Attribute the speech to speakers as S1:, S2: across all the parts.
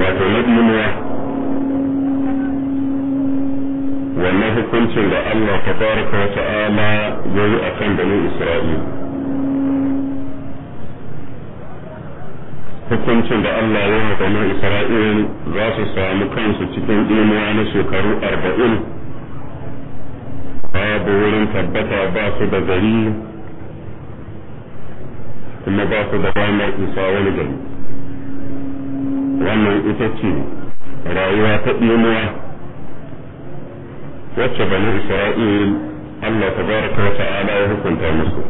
S1: wato na duniya wannan hukuncin da Allah ta baraka wa ta'ala ya yi a kan bani isra'il. hukuncin da Allah ya yi Isra'il za su samu kansu cikin duniya na shekaru arba'in babu wurin tabbata ba su da gari kuma ba su da damar isa wani gari wannan ita ce rayuwa ta ɗinuwa wacce bani isra'il Allah ta baraka wa ta'ala ya hukunta musu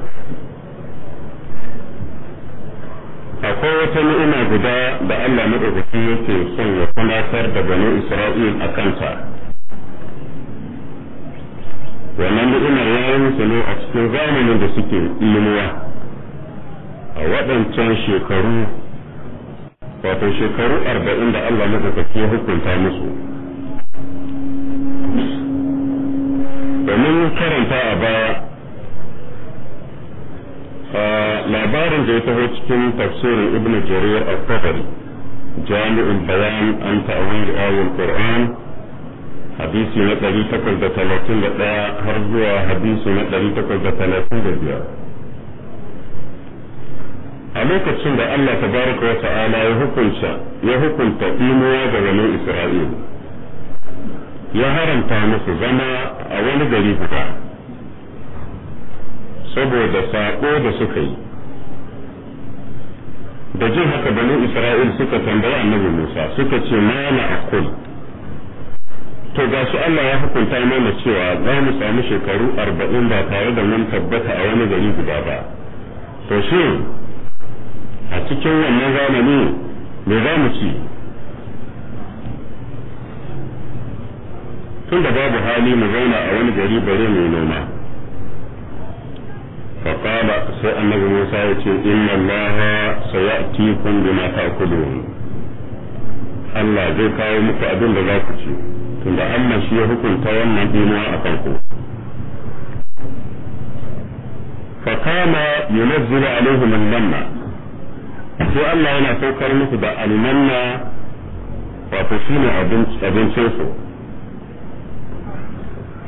S1: akwai wata ni'ima guda da Allah maɗaukaki yake son ya tunatar da bani isra'il a kanta wannan ni'imar ya yi musu ne a cikin zamanin da suke ɗinuwa a waɗancan shekaru wato shekaru arba'in da Allah madaukaki ya hukunta musu domin karanta a baya a labarin da ya taho cikin tafsirin ibn jarir al-tabari jami'ul bayan an ta'awil ayatul qur'an hadisi na 831 har zuwa hadisi na 835 a lokacin da Allah tabaraka wa ta'ala ya hukunta ya hukunta imuwa ga banu Isra'ila ya haramta musu zama a wani gari guda saboda saƙo da suka yi da jin haka banu Isra'il suka tambayi annabi Musa suka ce ma na to ga su Allah ya hukunta mana cewa za mu samu shekaru arba'in ba tare da mun tabbata a wani gari guda ba to shin a cikin wannan zamani me za mu ci tun da babu hali mu zauna a wani gari bare mai noma faƙala sai annabi musa ya ce inna allaha sayatikum bima ta'kulun Allah zai kawo muku abin da za ku ci tunda Allah shi ya hukunta wannan dinuwa a farko فقام ينزل عليهم اللمه sai Allah yana saukar musu da almanna wato shi ne abincinsu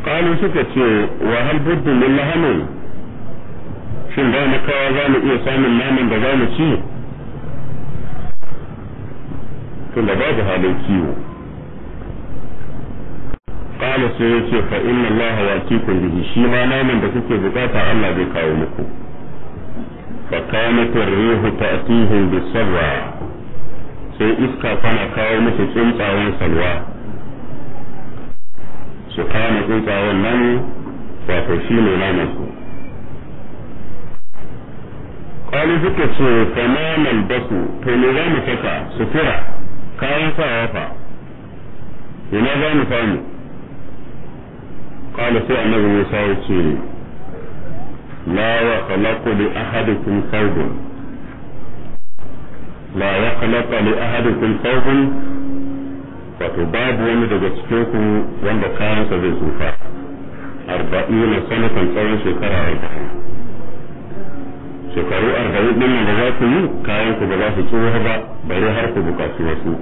S1: kalu suka ce wa hal min lahamin shin da mu kawo za mu iya samun naman da za mu ci tun da babu halin kiwo kala sai ya ce fa inna allaha wa bihi shi ma naman da kuke bukata Allah zai kawo muku فقامت الريح تأتيهم بالسرى sai iska kana kawo musu tsuntsayen salwa su kama tsuntsayen nan wato ne naman su kwallo suka ce kamanan baku to me za mu saka sutura kayan sawa fa ina za mu samu kwallo sai annabi musa ya ce لا يخلق لأحدكم ثوب لا يخلق لأحدكم ثوب wato babu wani daga cikinku wanda kayansa zai tsufa arba'ina sanatan tsawon shekara arba'in shekaru arba'in ɗin da za su yi kayanku ba za su tsoha ba bare har ku bukaci wasu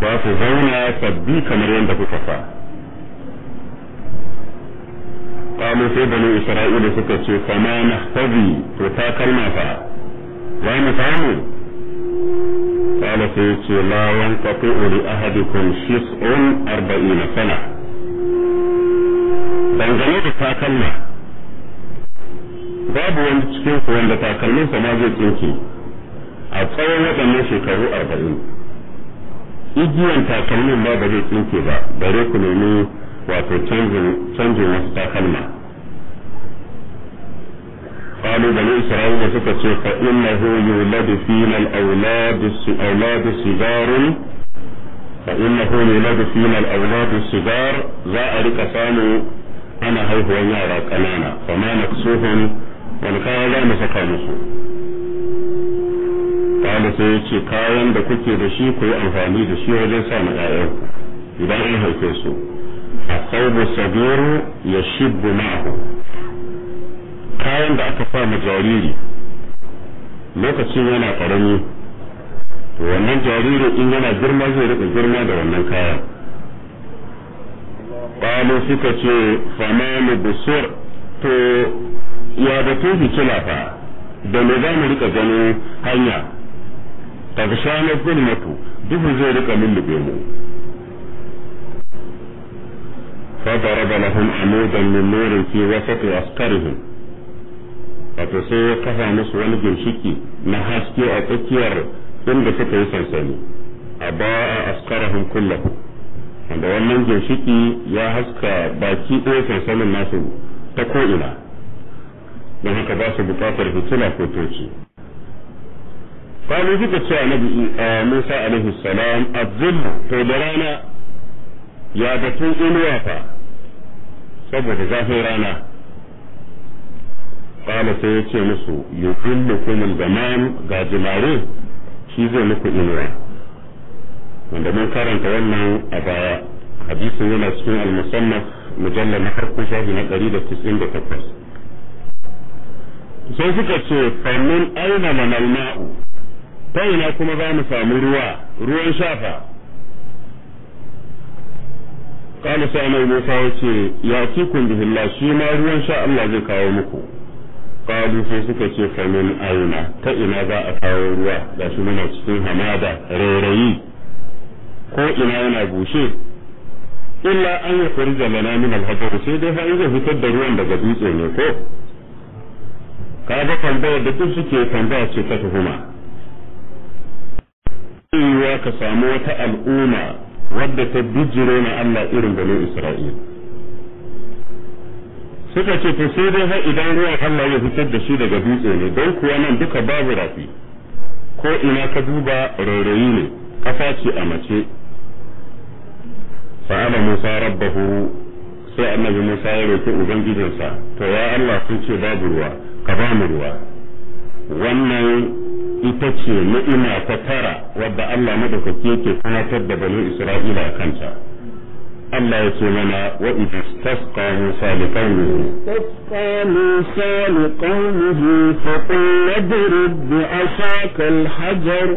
S1: ba su zauna sabbi kamar yadda kuka fa kamo sai bani isra'ila suka ce kama na hazi to ta kalma fa za mu samu kala sai ce la yankatu uri ahadikum shis'un arba'ina sana dangane da takalma babu wani cikin ku wanda takalmin sa zai tsinke a tsawon waɗannan shekaru arba'in igiyan takalmin ba zai tsinke ba bare ku nemi wato canjin wasu takalma قالوا بني إسرائيل سكت فإنه يولد فينا الأولاد أولاد صغار فإنه يولد فينا الأولاد الصغار زائر سامو أنا هاي هو يارا كنانا فما نقصوهم ولكن لا مسكا kala sai ya ce kayan da kuke da shi ku yi amfani da shi wajen sa idan haife su الثوب الصغير يشب معه kayan da aka sa ma jariri lokacin yana karami to wannan jaririn in yana girma zai rika girma da wannan kaya ƙwalo suka ce famalu busur to ya batun hikila fa da me za mu rika ganin hanya ta fi shanar duhu zai rika lullube mu فضرب لهم عمودا من نور في وسط عسكرهم wato sai ya kafa musu wani ginshiki na haske a tsakiyar inda suka yi sansani a ba'a askarahun kullahu wanda wannan ginshiki ya haska baki ɗaya sansanin nasu ta ko'ina don haka ba su bukatar fitila ko toci kwanu suka ce annabi eh, musa alaihi salam abdullu to da rana ya batun inuwa fa saboda zafin rana kala sai ya ce musu kuma da man ga jimare shi zai muku inuwa wanda mun karanta wannan a baya hadisin yana cikin al-musannaf mujallal na farko shafi na 198 sai suka ce fannin aina manal ta ina kuma za mu samu ruwa ruwan shafa kana sai annabi Musa ya ci kun bihillah shi ma ruwan sha Allah zai kawo muku qalu sai suka ce fa min aina ta ina za a kawo ruwa da shi muna cikin hamada rairayi ko ina yana bushe illa an ya furja lana min al sai dai fa zai fitar da ruwan daga dutse ne ko ga tambayar da duk suke tambaya ce ta tuhuma yiwuwa ka samu wata al'umma wadda ta bijire na Allah irin bani Isra'il suka ce to sai dai idan ruwa Allah ya fitar da shi daga dutse ne don kuwa nan duka babu rafi ko ina ka duba rairayi ne kafa ce a mace fa'ala Musa rabbahu sai annabi Musa ya roki ubangijinsa to ya Allah sun ce babu ruwa ka ba mu ruwa wannan ita ce ni'ima ta tara wadda Allah madaukake yake sanatar da bani Isra'ila kanta Allah ya ce mana wa idh tasqa Musa li qaumihi istasqa Musa li qaumihi fa qala idrib bi asaka al-hajar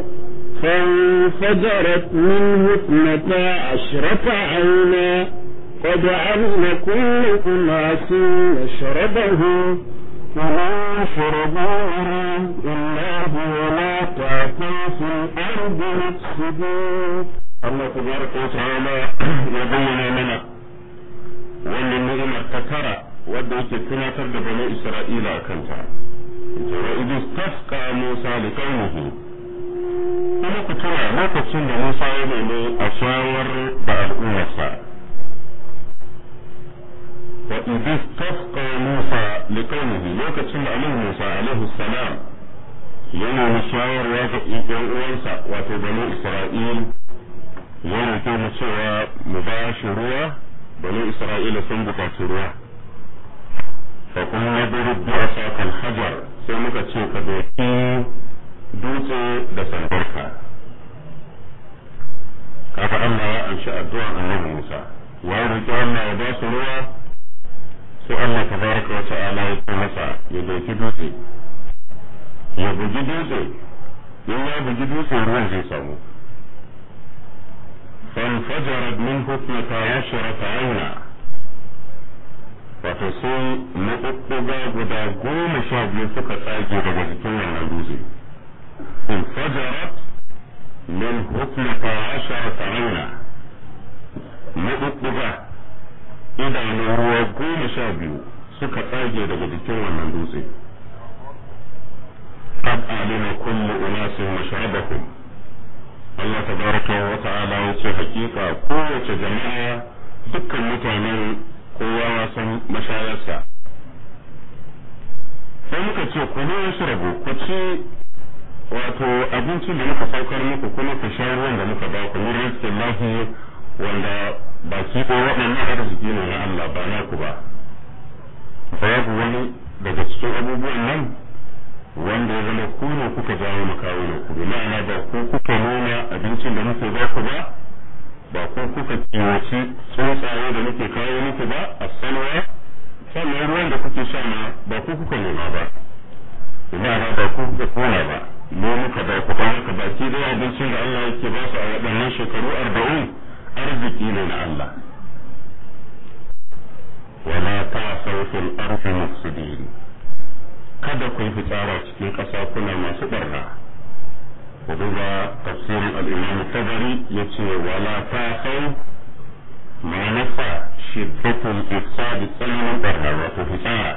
S1: فانفجرت منه اثنتا عشرة عينا قد علم كل أناس مشربهم كلوا واشربوا من الله ولا تعثوا في الأرض مفسدين الله تبارك وتعالى يبين لنا wannan ni'imar ta tara wadda yake tunatar da bani Isra'ila a kanta. Wa idis tafqa Musa li qaumihi. Kuma ku tuna da a shawar da al'ummarsa. wa idis tasqa Musa li qaumihi lokacin da Annabi Musa alaihi salam yana ga ɗan uwansa wato banu Isra'il yana ta mu cewa ba shi ruwa banu Isra'ila sun buƙaci ruwa fa kuma ya bari biya hajar sai muka ce ka doki dutse da sandarka kafa Allah ya amshi addu'a Annabi Musa wa ya roƙi Allah ya ba ruwa sai Allah ta baraka wa ta'ala ya ce masa ya doki dutse ya bugi dutse in ya bugi dutse ruwan zai samu فانفجرت منه اثنتا عشرة عينا wato sai maɓuɓɓuga guda goma sha biyu suka tsage daga jikin wannan dutse in fajarat min hukmata ashara ta'ina maɓuɓɓuga idanun ruwa goma sha biyu suka tsage daga jikin wannan dutse qad alima kullu unasin mashrabahum Allah tabaraka wa ta'ala yace hakika kowace jama'a dukkan mutanen kowa ya san mashayarsa sai muka ce ku ne wasu rabu ku ci wato abincin da muka saukar muku kuma ku sha ruwan da muka ba ku ne rizkin lahi wanda ba baki ko waɗannan arziki ne na Allah ba naku ba babu wani daga cikin abubuwan nan wanda ya zama ku ne kuka jawo makawo ne ku ma'ana ba ku kuka nuna abincin da muke ba ku ba ba ku kuka kiwaci tsuntsaye da muke kawo muku ba a sanwa sannan ruwan da kuke sha ma ba ku kuka nuna ba ma'ana ba ku kuka kona ba mu muka ba ku ba muka da abincin da Allah yake ba su a waɗannan shekaru arba'in arziki ne na Allah wala ta'asaw fil ardi mufsidin kada ku yi fitsara cikin ƙasa kuna masu barna ku duba tafsirin ta gari Tabari yace wala ta'asaw ma'anarsa shiddatul ifsad tsananin barna wato fitsara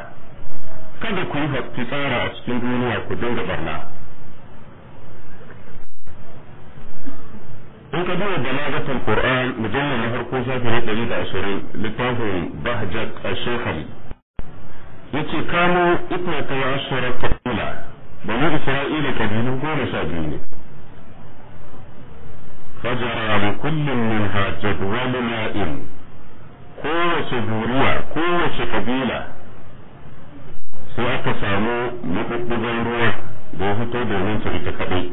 S1: kada ku yi fitsara a cikin duniya ku dinga barna in ka duba balagatul qur'an mujallal na farko shafi na ɗari da ashirin littafin bahjat Ya ce kamo ita ta ya ashara kabila bani isra'ila kabilu goma sha biyu ne fajara bi kullum min hajjat wa mina'in kowace duniya kowace kabila sai aka samu maɓuɓɓugan ruwa da ya fito domin ta ita kaɗai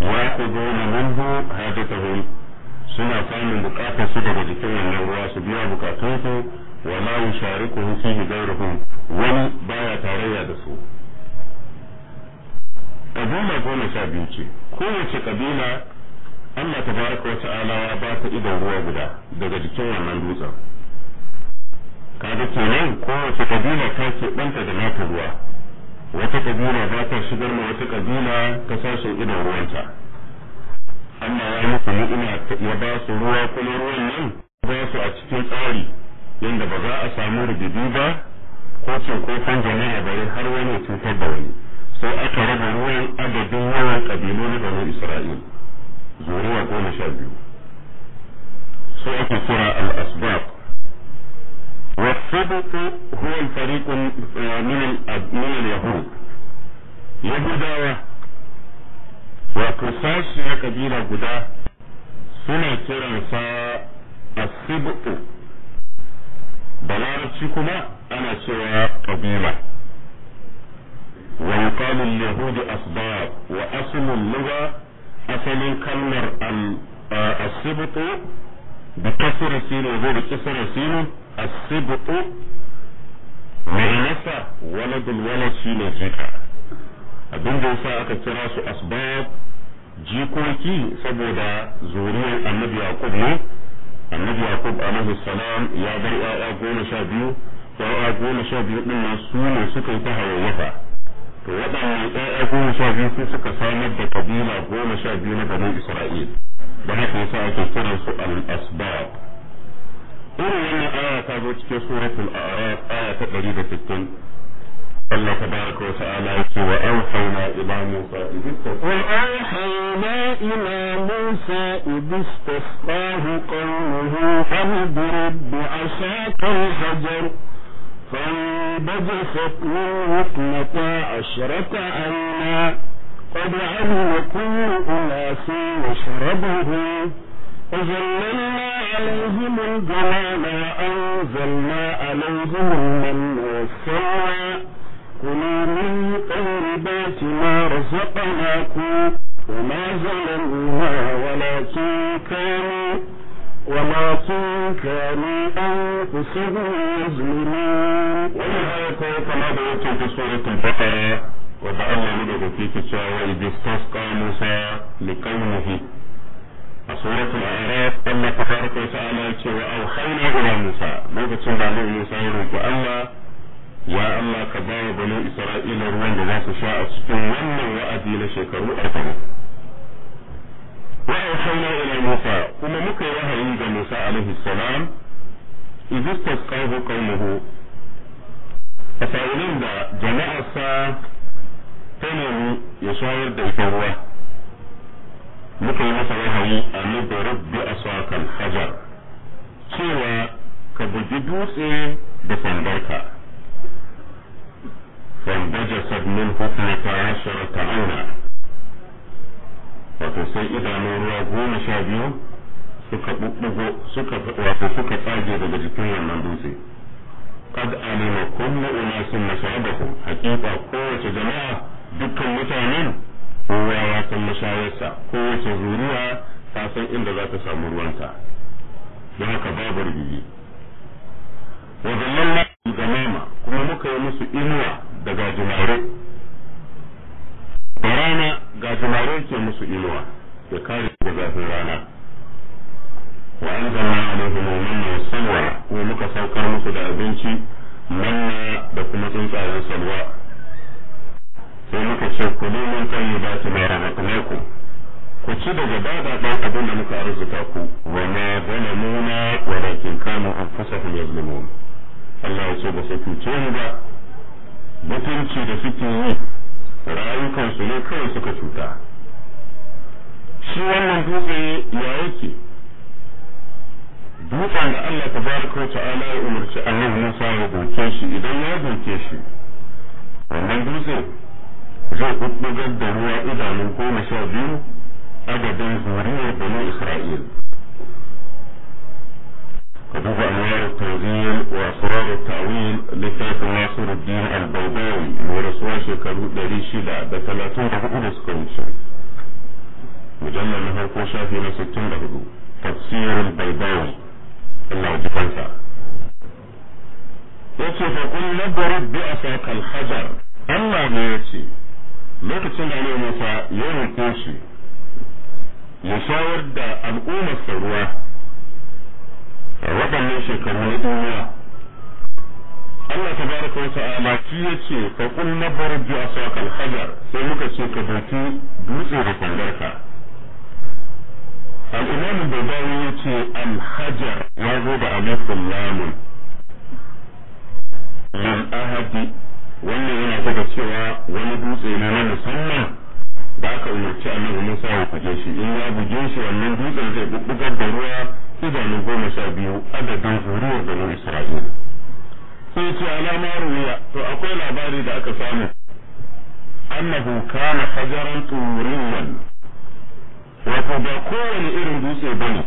S1: yaquduna minhu hajatahum suna samun bukatar su daga jikin wannan ruwa su biya bukatunsu wa la yushariku fihi ghayruhum wani baya tarayya da su kabila goma sha biyu ce kowace kabila Allah tabaraka wa ta'ala ya ba ta idan ruwa guda daga jikin wannan dutsen kaga kenan kowace kabila ta ke banta da nata ruwa wata kabila za ta shigar ma wata kabila ta sashen idan ruwanta Allah ya musu ni'ima ya ba su ruwa kuma ruwan nan ba su a cikin tsari yadda ba za a samu rigidi ba ko kofan jama'a bari har wani cutar da wani sai aka raba ruwan adadin yawan kabilu na banu Isra'il zuriya goma sha biyu sai ake kira al-asbab والسبط هو الفريق من من اليهود yahudawa wato sashi na kabila guda suna kiransa a sibu balarci kuma ana cewa kabila wani kalin yahudi asba wa asumin luga asalin kalmar asibu da kasirar sinu zai da kisirar sinu asibu mai nasa wani dulwala shi ne jika abin da yasa aka kira su asbab jikoki saboda zuriyar annabi yaqub ne annabi yaqub alaihi salam ya bar ya'ya goma sha biyu ya'ya goma sha biyu din nan su ne suka yi ta hayayyafa to waɗannan ya'ya goma sha biyu sai suka samar da kabila goma sha biyu na garin isra'il da haka yasa ake kiransu su al-asbab irin wannan aya ta zo cikin suratul a'raf aya ta 160 الله تبارك وتعالى وأوحينا إلى موسى إذ استسقاه وأوحينا إلى موسى إذ استسقاه قومه فاضرب بعصاك الحجر فانبجست منه اثنتا عشرة عينا قد علم كل أناس مشربهم وظللنا عليهم الجمال وأنزلنا عليهم المن والسلوى كلوا من طيبات ما رزقناكم وما ظلمونا ولكن كانوا ولكن كانوا أنفسهم يظلمون ولا يكون كما بيت في سورة البقرة وبأن مدد في كتاب إذ استسقى موسى لقومه سورة الأعراف أن تبارك وتعالى وأوحينا إلى موسى لوكة بعد موسى يروي الله ya Allah ka ba wa banu Isra'ila ruwan da za su sha a cikin wannan wa'adi na shekaru arba'in wa auhayna ila Musa kuma muka yi wahayi ga Musa alaihi salam idh istasqahu qaumuhu a sa'ilin da jama'arsa ta nemi ya shayar da ita ruwa muka yi masa wahayi a nubarar rabbi a hajar cewa ka bugi dutse da sandarka فانبجست من حكمك عشرة عينا wato sai idanun ruwa goma sha biyu suka bubbugo suka wato suka tsage daga jikin wannan dutse qad alima kullu unasin mashabahum haqiqa kowace jama'a dukkan mutanen kowa ya san mashayarsa kowace zuriya ta san inda za ta samu ruwanta don haka babu rigigi wa ga ganima kuma muka yi musu inuwa da gajimare da rana gajimare ke musu inuwa ya kare da zafin rana wa an zama alaihim manna wa salwa kuma muka saukar musu da abinci manna da kuma tsuntsayen salwa sai muka ce ku neman kan ba su mai ranakunaiku ku ci daga bada abin da muka arzuta ku wa ma zalamuna walakin kanu anfusahum yazlimun Allah ya ce ba su cuce mu ba mutunci da suke yi rayukansu ne kawai suka cuta shi wannan dutse ya yake dutsen da Allah ta baraka ta ala ya umarci annabi Musa ya doke shi idan ya doke shi wannan dutse zai kuddugar da ruwa idanun goma sha biyu adadin zuriyar bani Isra'il وهو أنوار التنزيل وأسرار التأويل لكاف ناصر الدين البيضاوي ورسوا شكروا داري شدا بثلاثون ربعون سكوشا مجلد نهر قوشا في نسكتون ربعو تفسير البيضاوي الله جفنسا yace fa kun nabaru bi asaka al-hajar Allah ne yace lokacin da Annabi Musa ya roƙe shi ya shawar da al'ummar ruwa waɗannan shekaru na duniya Allah ta baraka wa ta'ala ki ce fa kun nabar bi asaka al-hajar sai muka ce ka doki dutse da sandarka al-imam babawi yace ce Alhajar ya zo da alifin lamun min ahadi wannan yana daga cewa wani dutse ne na musamman da aka umarci annabi Musa ya fage shi in ya buge shi wannan dutsen zai bubbugar da ruwa idanu goma sha biyu adadin zuriyar banu isra'ila sai ce alama ruwa to akwai labari da aka samu annahu kana hajaran turiyan wato ba kowane irin dutse bane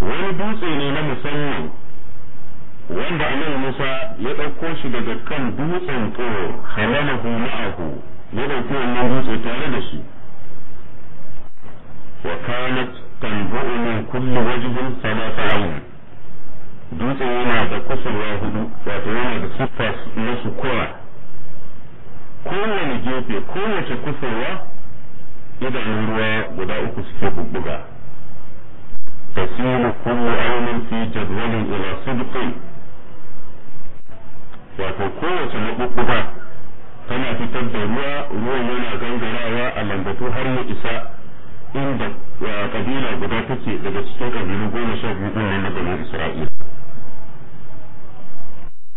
S1: wani dutse ne na musamman wanda annabi Musa ya ɗauko shi daga kan dutsen tsoro halamahu ma'ahu ya ɗauki wannan dutse tare da shi wa kanat tanbu'u min kulli wajhin salata dutse yana da kusurwa hudu wato yana da siffa na sukura kowane gefe kowace kusurwa idan ruwa guda uku suke bubbuga tasiru kullu aynin fi jadwalin ila sidqin wato kowace mabubbuga tana fitar da ruwa ruwan yana gangarawa a lambatu har ya isa inda kabila guda take daga cikin kabilu goma sha biyu ɗin nan na bani isra'ila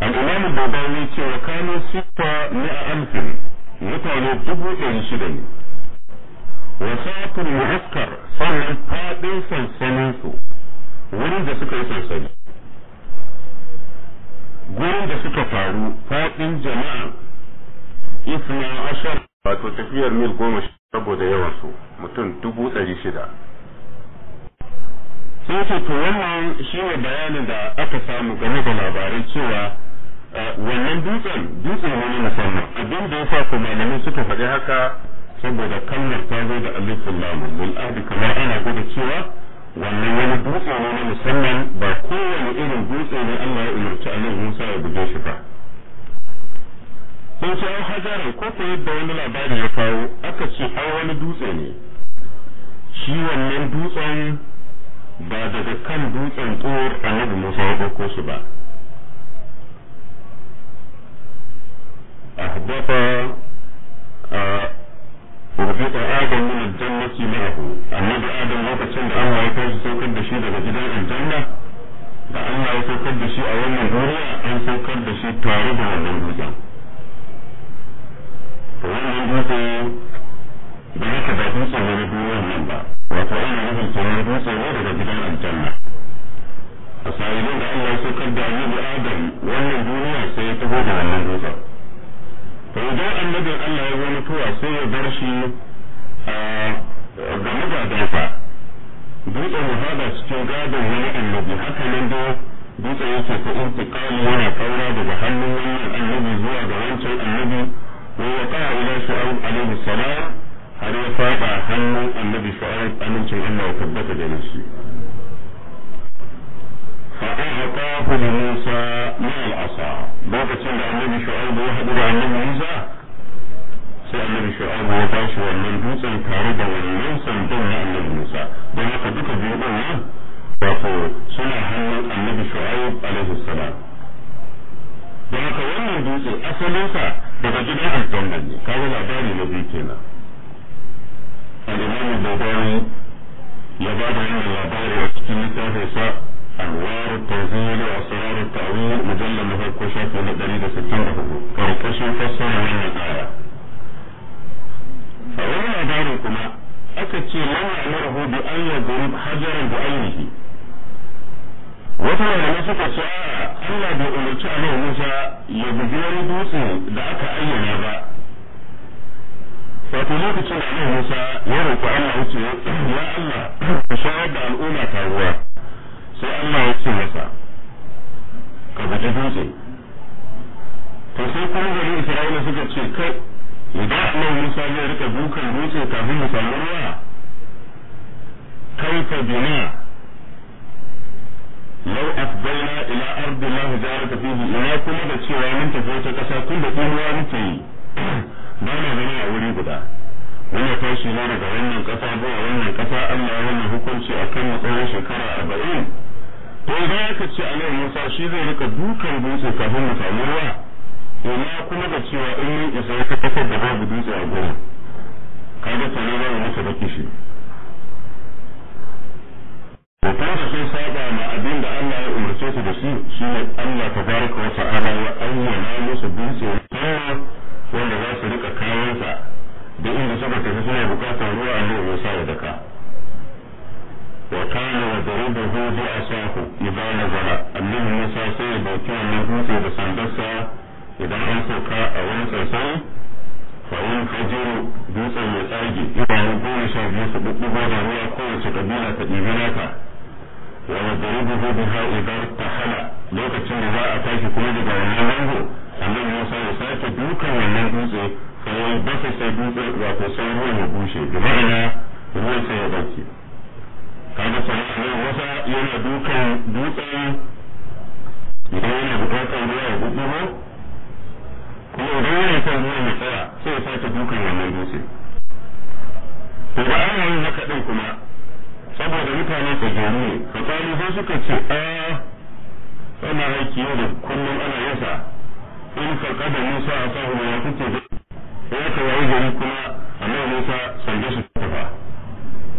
S1: al'imamu babani cewa kano sifa na alfin mutane dubu ɗari shida ne wasatul mu'askar sannan faɗin sansaninsu wurin da suka yi sansani gurin da suka faru faɗin jama'a isma ashar wato tafiyar mil goma sha saboda yawan su mutum dubu ɗari shida sai ce to wannan ne bayanin da aka samu game da labarai cewa eh, wannan dutsen dutse wani musamman abin da ya sa ko malamai suka faɗi haka saboda kalmar ta zo da alifin lamu mun adi kamar ana gwada cewa wannan wani dutse wani musamman ba kowane irin dutse ne Allah ya umarci Allah Musa ya buge shi ba sai ce an hajaran ko yadda wani labari ya kawo aka ce an wani dutse ne shi wannan dutsen ba daga kan dutsen tsohon annabi musa ya ɗauko shi ba أحبط وفيق آدم من الجنة معه النبي آدم lokacin da Allah ya tashi saukar da shi daga gidan aljanna da Allah ya saukar da shi a wannan duniya an saukar da shi tare da wannan dutsen to wannan dutse da yake ba dutse ne na duniyar nan ba wato ana nufin kenan dutse ne daga gidan aljamma. a sa'ilin da Allah ya saukar da annabi Adam wannan duniya sai ya taho da wannan dutsen to idan annabin Allah ya zo mutuwa sai ya bar shi ga magadansa dutsen ya fada cikin gadon wani annabi haka nan da dutsen yake ta intiqali yana kaura daga hannun wannan annabi zuwa ga wancan annabi ووقع إلى شعيب عليه السلام har ya fada hannun annabi shu'aib amincin Allah ya tabbata da shi fa a'tahu li Musa ma al-asa lokacin da annabi shu'aib ya hadu da annabi Musa sai annabi shu'aib ya tashi wannan dutsen tare da wannan sandan na annabi Musa don haka duka biyu din nan wato suna hannun annabi shu'aib alaihi salam don haka wannan dutse asalinsa daga gidan gwamnan ne kawo labari na biyu kenan al'imamu babari ya ba da wannan labari a cikin littafin sa anwar tanzili wa sarar ta'wil mujallal na farko shafi na 164 karkashin fassara wannan aya a wani labarin kuma aka ce lawa na bi an yadrib hajaran bi ainihi wata malamai suka ce Allah bai umarci Annabi Musa ya bugi wani dutse da aka ayyana ba wato lokacin da Musa ya roƙi Allah ya ce ya Allah ka shayar da al'umma ta ruwa sai Allah ya ce masa ka bugi dutse to sai kuma gari Isra'ila suka ce kai idan Annabi Musa zai rika dukan dutse kafin mu samu ruwa kai ka bina lau ina ila ardi ma hijarata fihi ina kuma da cewa mun tafi wata ƙasa kun da inuwa muke yi ba na gani a wuri guda wanda tashi na daga wannan ƙasa zuwa wannan kasa Allah ya wani hukunci akan mu tsawon shekara arba'in to idan aka ce alai Musa shi zai rika dukan dutse kafin mu samu ruwa ina kuma da cewa in mun isa wata kasar da babu dutse a gurin kaga tare za mu mutu da to sun saba ma abin da Allah ya umarce su da shi shi ne Allah tabaraka wa ta'ala ya ayyana musu dutse wanda za su rika kayansa da inda suka tafi suna bukatar ruwa a nan Musa ya daka wa kana wa daribuhu bi asahu idan nazala annabi Musa sai ya dauki wannan dutse da sandarsa idan an sauka a wani sansani fa in hajiru dutsen ya tsage idanun goma sha biyu su bubbugo da ruwa kowace kabila ta ɗibi nata wa yadribuhu biha idza tahala lokacin da za a tashi kuma daga wannan zango annabi Musa ya sake dukan wannan dutse sai ya dasa sai dutse wato bushe ya yana dukan dutsen idan yana bukatar ruwa ya gudumo kuma idan yana son ruwa ya tsaya sai ya sake dukan wannan dutse to ba ana yin haka din kuma saboda mutane ka gani ka fatali sai suka ce a ah, ana aiki yau da kullum ana yasa in farka da musa a sahu ya kuke da ya ka wayi gari kuma annabi musa sanje su tafa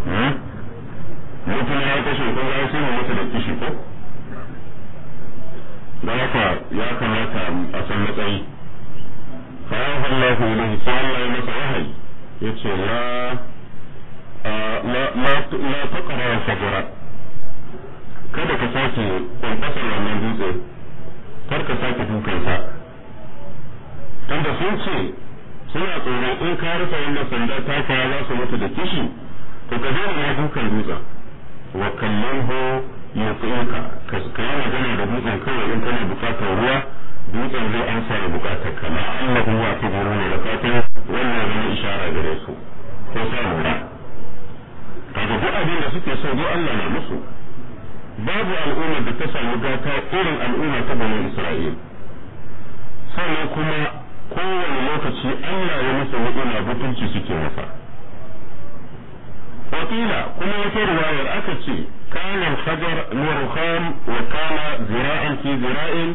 S1: hmm? mutum ya kashe ko ya sai mu masa da kishi ko da haka ya kamata a san matsayi fa yi Allah ilaihi sai Allah ya masa wahayi ce la la fakara kada ka sake kwanfasar wannan dutse kar ka sake dukansa tunda sun ce suna tsoron in ka rufe sanda ta kaya za su mutu da kishi to ka zo da dukan dutsen wa kallon ho ya ka ka yi magana da dutsen kawai in kana bukatar ruwa dutsen zai amsa da bukatar ka na annahu wa tubiruna da fatan wannan zama ishara gare su ko sa lura daga duk abin da suke so duk Allah na musu babu al'ummar da ta samu gata irin al'umma ta bani Isra'il sannan kuma kowane lokaci Allah ya musu ni'ima butunci suke masa wakila kuma wata riwayar aka ce kana hajar murham wa kana zira'an fi zira'in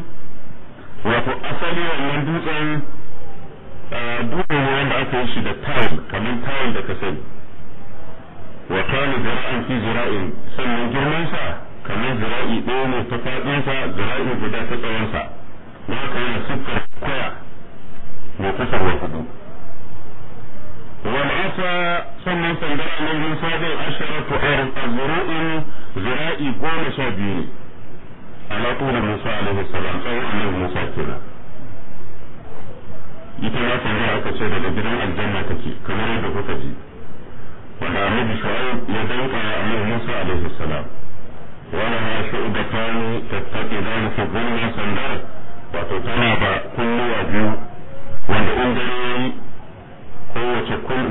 S1: wato asali wannan dutsen dutsen wanda aka yi shi da tile kamar tile da ka sani wa kana zira'in fi zira'in sannan girman sa kamar zira'i ɗaya ne ta faɗin sa guda ta tsawon sa na ka yana siffar koya mai kusan wa hudu wal asa sannan sandar annabi sabon a arzuru'in zira'i goma sha biyu ne ala tuli musa alaihi salam tsawon annabi musa kenan ita ma sanda aka ce daga gidan aljanna take kamar yadda kuka ji da annabi shu'aib ya danka annabi musa alaihi salam ولها شعبتان تتكئان في الظلمة صندوق وتطلع كل وجوه والأندرين kowace kowane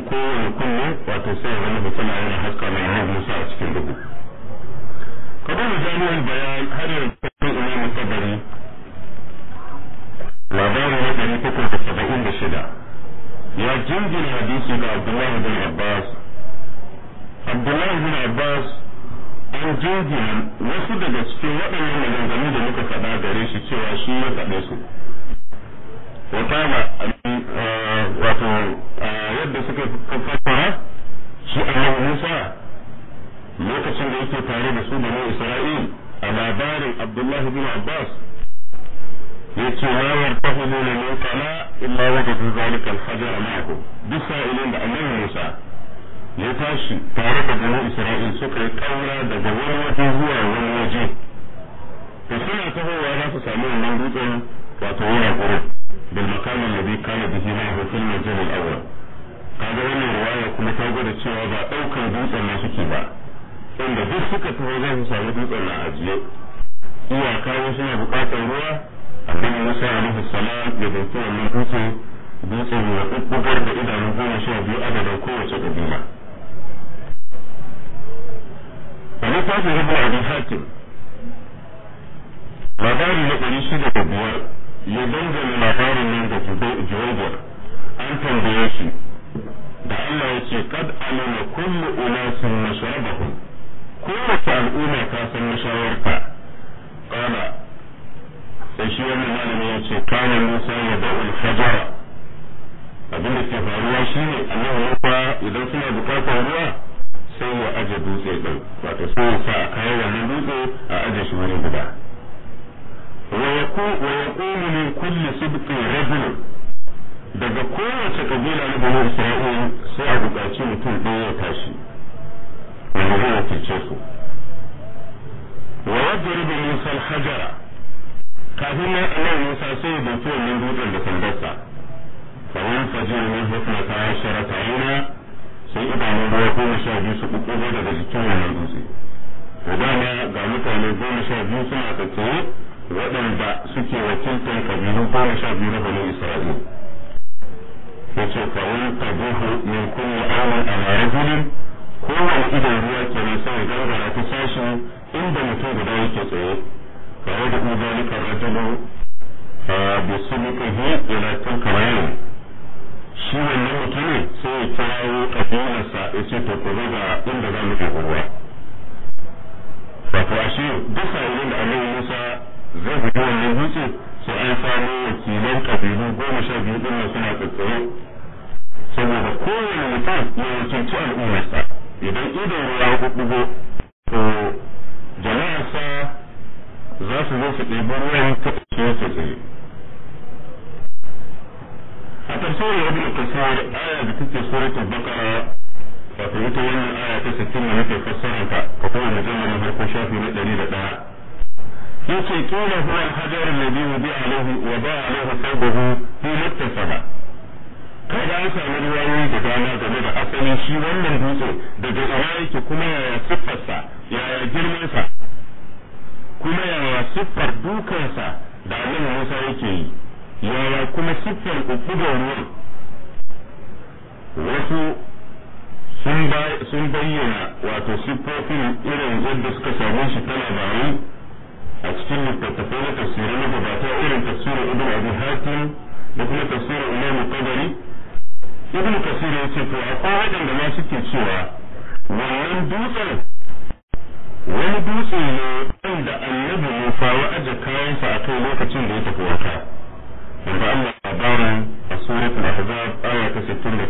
S1: kunne wato sai wani mutum yana haska mai yin musa a cikin dubu kamar jami'in bayan har yanzu kan imam tabari labarin na ɗari uku da saba'in da shida ya jingina hadisi ga abdullahi bin abbas abdullahi bin abbas an jirgin wasu daga cikin waɗannan maganganu da muka faɗa gare shi cewa shi ya faɗe su wakala wato yadda suka fassara shi annabi musa lokacin da yake tare da su da ne isra'il a labarin abdullahi bin abbas yace la yartahiduna min qala illa wajadu zalika al-hajar ma'ahu duk sa'ilin da annabi musa ya tashi tare da banu isra'il suka yi kaura daga wani waje zuwa wani waje to suna tahowa za su samu wannan dutsen wato yana gurin da makamin da zai kana da hina hukun na jirin awra kaga wannan ruwaya kuma ta gwada cewa ba ɗaukar dutsen na suke ba inda duk suka taho za su samu dutsen na ajiye iyaka wasu na buƙatar ruwa annabi musa alaihi salam ya dauki wannan dutsen dutsen ya ɓuɓɓugar da idanun goma sha biyu adadin kowace ƙabila
S2: littafin a abi
S1: hatim labari na ɗari shida da biyar ya dangane labarin nan da juwajar an tambaye shi da Allah ya ce kad alima kullu unasin mashrabahum kowace al'umma ta san mashawarta kana sai shi wannan malami ya ce kana Musa ya hajara abin da ke faruwa shine annabi Musa idan suna bukatar ruwa sai ya aje dutse ɗin wato sai ya sa a kayan wannan dutse a aje shi wani guda wa yaqumu min kulli sibqin rajul daga kowace kabila na bani isra'il sai a buƙaci mutum ɗaya ya tashi wanda zai wakilce su wa yadribu musa al-hajara kafin nan annabi musa sai ya dauki wannan dutsen da sandarsa fa ya fajiru min hukmata asharata ayna sai idanu ruwa goma sha biyu su ɓuɓɓugo daga jikin wannan dutse to dama ga mutane goma sha biyu suna tsaye waɗanda suke wakiltar kabilun goma sha biyu na bani isra'ila yace fa wani tabuhu min kulli amin ala rajulin kowane idan ruwa kenan sai gangara ta sashi inda mutum guda yake tsaye fa da ku zalika rajulu fa bi tun ila yau. shi wannan mutumin sai ya kirawo kabilarsa ya ce to ku ga inda za mu ɗebi ruwa wato shi duk sa'ilin da annabi Musa zai fito wannan dutse sai an samu wakilan kabilu goma sha biyu ɗin nan suna saboda kowane mutum ya wakilci al'ummarsa idan idon ruwa huɗugo to sa za su zo su ɗebi ruwan ta tsaye a tafsirin ibn kasir aya da take suratul baqara wato ita wannan aya ta 60 ne yake fassarar ta ka kuma mujallal na farko shafi na 101 yace kila huwa al-hajar alladhi wudi alayhi wa ba alayhi thawbuhu fi muttasaba kai da an samu ruwayoyi da dama game da asalin shi wannan dutse daga ina yake kuma yaya siffarsa yaya girmansa kuma yaya siffar dukansa da annabi Musa yake yi yaya kuma siffar kuɓɓugar ruwan wasu sun bayyana wato siffofin irin yadda suka samu shi ta labarai a cikin littattafai na tasiri na gabata irin tasirin ibn abu hatim da kuma tafsirin imamu qadari ibn kasir ya ce to akwai waɗanda ma suke cewa wannan dutsen wani dutse ne wanda annabi musa aje kayansa a kai lokacin da ya tafi wata daga Allah labarin a suratul ahzab aya ta 69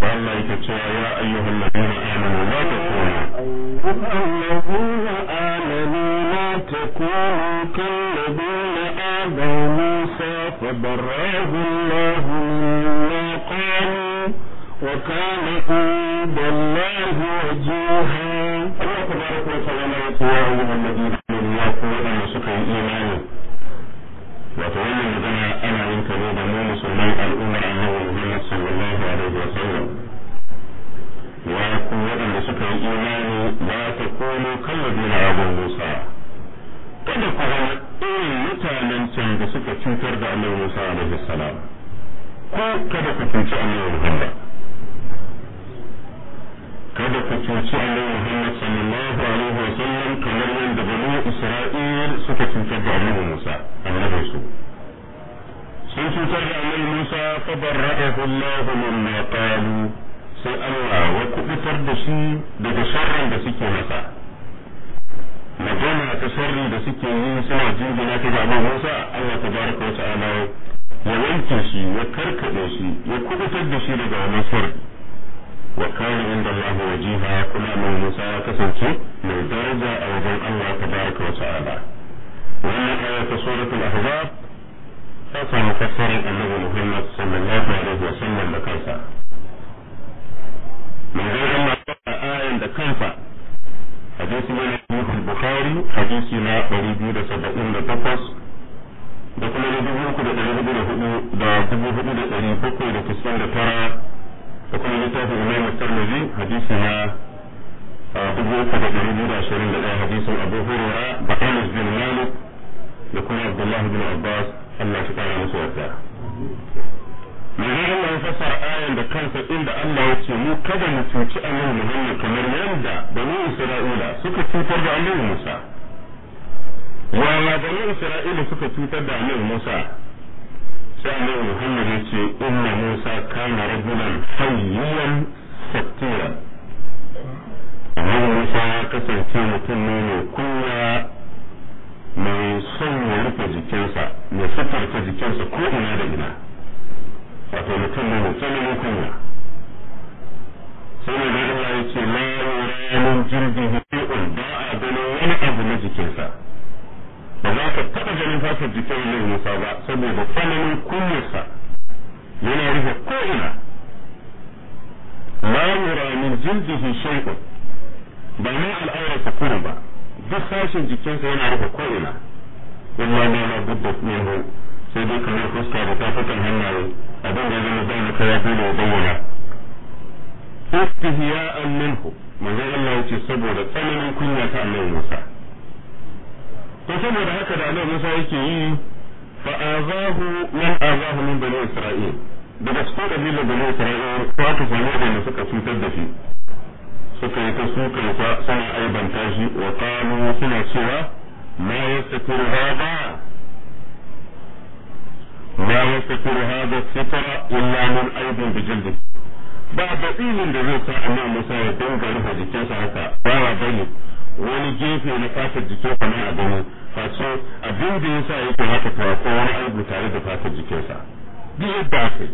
S1: fa Allah yake cewa ya ayyuhal ladina amanu la takunu amanu la takunu kal ladina amanu Musa fa barahu Allah mimma qalu وكان عند الله وجوها الله تبارك وتعالى يا ايها الذين امنوا يا قوم سكن ايمانكم wato wannan magana ana yin ta ne da mu musulman al'umma annabi Muhammad sallallahu alaihi wa sallam ya ku waɗanda suka yi imani ba ta komo kan wadina abin Musa kada ku zama irin mutanen can da suka cutar da annabi Musa alaihi salam ko kada ku cuci annabi Muhammad kada ku cuci annabi Muhammad sallallahu alaihi wa sallam kamar yadda banu Isra'il suka cutar da annabi Musa annabi su sun cutar da annabi Musa fa barra'ahu Allah mimma qalu sai Allah ya kubutar da shi daga sharrin da suke masa magana ta sharri da suke yi suna jingina ta ga Musa Allah tabaraka wa ta'ala ya wanke shi ya karkade shi ya kubutar da shi daga wannan sharri وكان عند الله وجيها كما من مساء كسنتي من درجة أيضا الله تبارك وتعالى وأن آية سورة الأحزاب فصى مفسر أنه محمد صلى الله عليه وسلم بكيسا من غير ما قرأ آية بكيسا حديثنا في البخاري حديثنا قريبي لسبعين لتقص دقل لدبوك لدبوك لدبوك لدبوك لدبوك لدبوك لدبوك لدبوك لدبوك لدبوك لدبوك لدبوك لدبوك Akwai kuma littafin imam tarmizi hadisi na dubu uku da dari biyu da ashirin da ɗaya hadisin abu hurera da anas bin malik da kuma abdullahi bin abbas allah shi kara musu wadda manzon Allah ya fasa ayan da kansa inda Allah ya ce mu kada mu cuci annabi Muhammad kamar yadda bani Isra'ila suka cutar da annabi Musa. Yaya bani Isra'ila suka cutar da annabi Musa? يعني محمد يسي إن موسى كان رجلا حيا ستيرا أن موسى قسم كان تنين كل mai son ya rufe jikinsa sifarta jikinsa ko ina da ina wato mutum ne mai tsananin kunya sai da Allah ya ce ba a ganin wani abu na jikinsa ba za ka taɓa ganin fatar jikin annabi Musa ba saboda tsananin kunyarsa yana rufe ko'ina la yura min jildihi shay'un ba ma al'aurarsa kuma ba duk sashen jikinsa yana rufe ko'ina illa ma la budda minhu sai dai kamar fuska da tafukan hannaye abin da ya zama bai maka ya dole ya bayyana istihya'an minhu manzo Allah yace saboda tsananin kunya ta annabi Musa to saboda haka da Annabi Musa yake yi fa azahu man azahu min bani Isra'il daga cikin kabilar bani Isra'il ko aka samu da suka cutar da shi suka yi ta sukan sa suna aibanta shi wa qalu suna cewa ma yastakiru hada ma yastakiru hada sitra illa min aibin da bijildi ba dalilin da zai sa Annabi Musa ya dinga rufe jikinsa haka ba bane wani gefe na fatar jikin sa ne a gano face abin da sa yake haka ta ko wani abu tare da fatar jikin sa bi yadda aka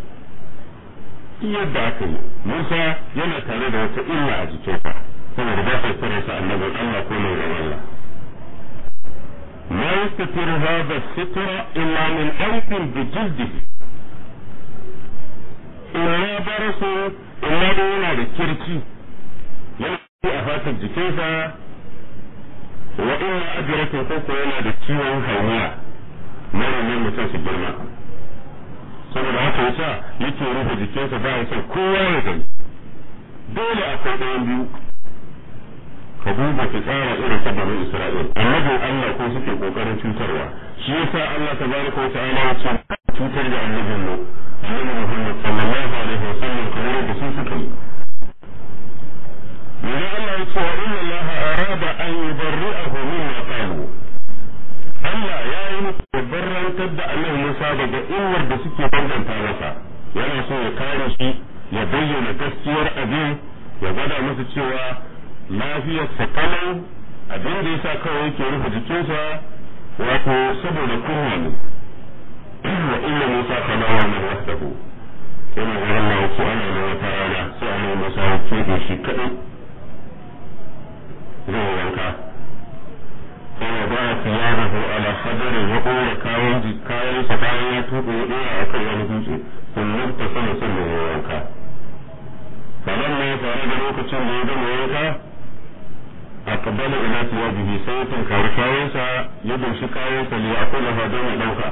S1: yi yadda aka yi Musa yana tare da wata illa a jikin sa saboda ba sai tsare sa annabi Allah ko mai Allah la yastatiru hadha sitra illa min anfin bi jildi illa barasu illa da yana da kirki yana a fatar jikinsa wa inna ajratin koko yana da ciwon na? manomin mutum su girma saboda haka yasa yake rufe jikinsa ba ya son kowa ya gani dole akwai ɗayan biyu ka duba ki tsara irin ta bani Isra'il annabin Allah ko suke kokarin cutarwa shi yasa Allah tabaraka wa ta'ala ya ce cutar da annabin mu annabi Muhammad sallallahu alaihi wasallam kamar da su suka yi cewa inna Allah arada an yubarri'ahu mimma qalu Allah ya yi musu barrantar da Annabi Musa daga illar da suke danganta masa yana so ya kare shi ya bayyana gaskiyar abin ya gwada musu cewa lafiyar sa kalau abin da yasa kawai yake rufe jikinsa wato saboda kunya ne wa inna Musa kana wa man sai mai Allah ya ce ana wata rana sai Annabi Musa ya ce shi kadai zai wanka sai ya ba su yaro ko ya ɗora kayan kayan sa bayan ya tuɓe ya ɗora a kan wani dutse sannan ta sama sannan ya wanka sannan tare da lokacin da ya gama wanka a kabbala ya tiyajihi sai ya tunkari kayansa ya doshi kayansa ne a kula hadon ya ɗauka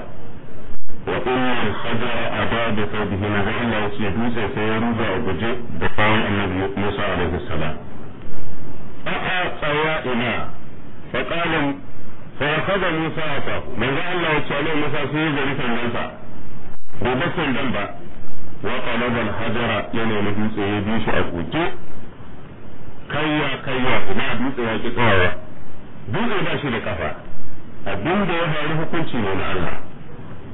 S1: wa inna al-hadara abada bihi na ga Allah ya ce dutse sai ya ruga a guje da kayan annabi Musa alaihi salam a'a tsaya ina fa qala fa akhadha musa asa manzo Allah ya ce alai musa sai ya zari sandansa gobe sandan ba wa qalaba al-hajara yana dutse ya bi shi a goge kayya kayya ina dutse ya ki tsawa dutse ba shi da kafa Abinda ya faru hukunci ne na Allah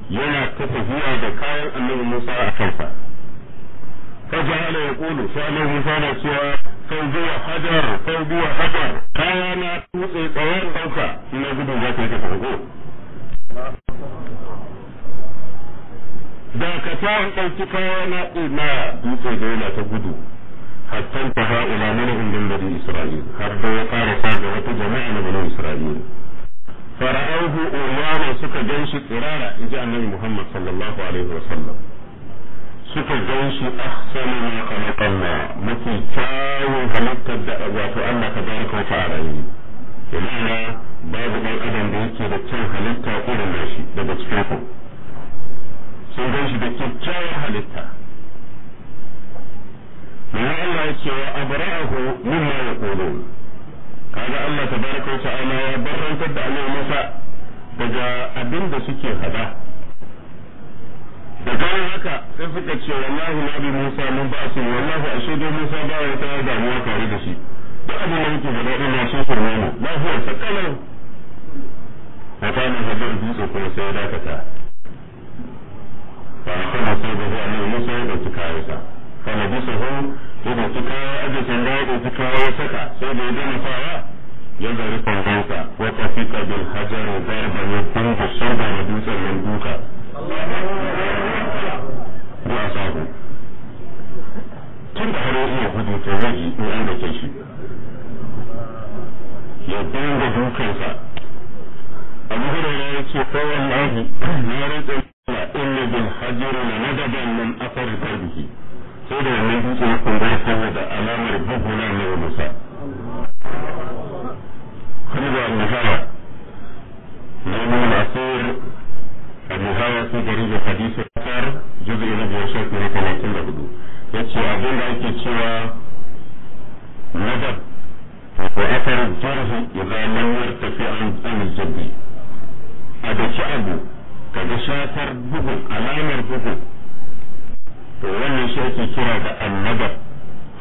S1: yana ta tafiya da kayan annabi Musa a kansa
S2: فجعل يقول فعل موسى نسوا
S1: hajar فوضي وحجر فوضي وحجر كان توصي صوان أوكا من أجل ذاك لك فوضي da ka ta ɗauki kaya na ina dutse da yana ta gudu hatta ta ha ila mana indin bani isra'il har da ya fara sa ga wata jama'a na bani isra'il fara'ahu umara suka gan shi tsirara inji annabi muhammad sallallahu alaihi wa sallam suka gan shi ahsanu ma khalaqalla mafi kyawun halittar da wato Allah ta bari wa ta'ala yi yana babu ɗan adam da yake da kyan halitta irin da shi daga cikin ku sun gan shi da kyakkyawar halitta ya Allah yake wa abra'ahu mimma yaqulun kaga Allah tabaraka wa ta'ala ya barantar da Allah masa daga abin da suke hada da ganin haka sai suka ce wallahi nabi Musa mun ba su wallahi ashe dai Musa ba ya ta damuwa tare da shi duk abin da muke gaba ina shi kurma ne lafiyar sa kalau a kwanan hajjar dutse kuma sai ya dakata ba kuma sai da zuwa nan Musa ya dauki kayan sa kana su hu ya dauki kayan ajisan da ya dauki kayan ya saka sai da ya gama fara. ya zari fangansa wata fika bil hajar da ya bani kun da shi da dutsen nan duka ya samu tun da har iya gudu to zai yi in an dake shi ya dinga dukansa abu ya ce ko wallahi na rantsa inna bil hajri la nadaban min athar tarbihi sai da na dutse ya kumbura saboda alamar bugula ne wa Musa Khadija na nahara Naimun Asir al hawa fi jarir hadith al-athar juz'i na biyar shafi na talatin da hudu ce abin da ake cewa nazar ko athar jarhi idan lam yartafi an al-jabri a daki abu kaga shatar bugu alamar bugu to wannan shi ake kira da annaba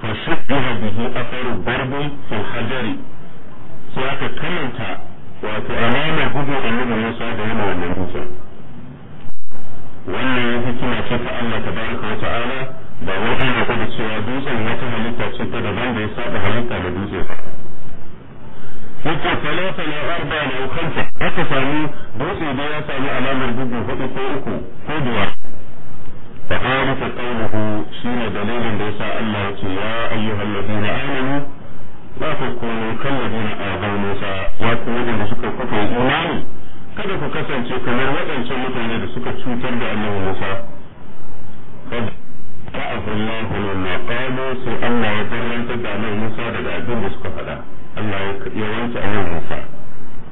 S1: fa shubbiha bihi atharu darbi fil hajari sai aka karanta wato alamar bugu annabi Musa da yana wannan dutsen wannan hikima ce ta Allah tabaraka wa ta'ala ba wai ana da cewa dutsen wata halitta ce ta daban da ya saba halitta da dutse ba yake talata na arba na ukanta aka sami dutse da ya sami alamar bugu hudu ko uku ko duwa fa harika shi shine dalilin da yasa Allah ya ce ya ayyuhal ladina amanu la takunu kal ladina adaw musa wa wajen da suka kafa imani kada ku kasance kamar waɗancan mutane da suka cutar da annabi Musa kada ta'afullahu mimma qalu sai Allah ya barrantar da annabi Musa daga abin da suka faɗa Allah ya a annabi Musa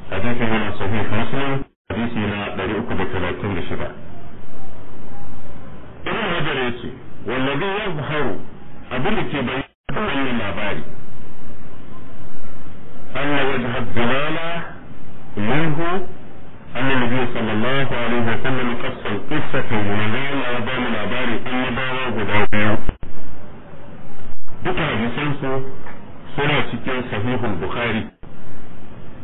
S1: hadisi yana sahih Muslim hadisi na 336 Ibn Hajar yace wallazi yazharu abin da ke bayyana wannan labari anna wajha dalala minhu أن النبي صلى الله عليه وسلم قص القصة ونزال أعظام الأبار النبوة وغداوية duka hadisansu suna cikin sahihul bukhari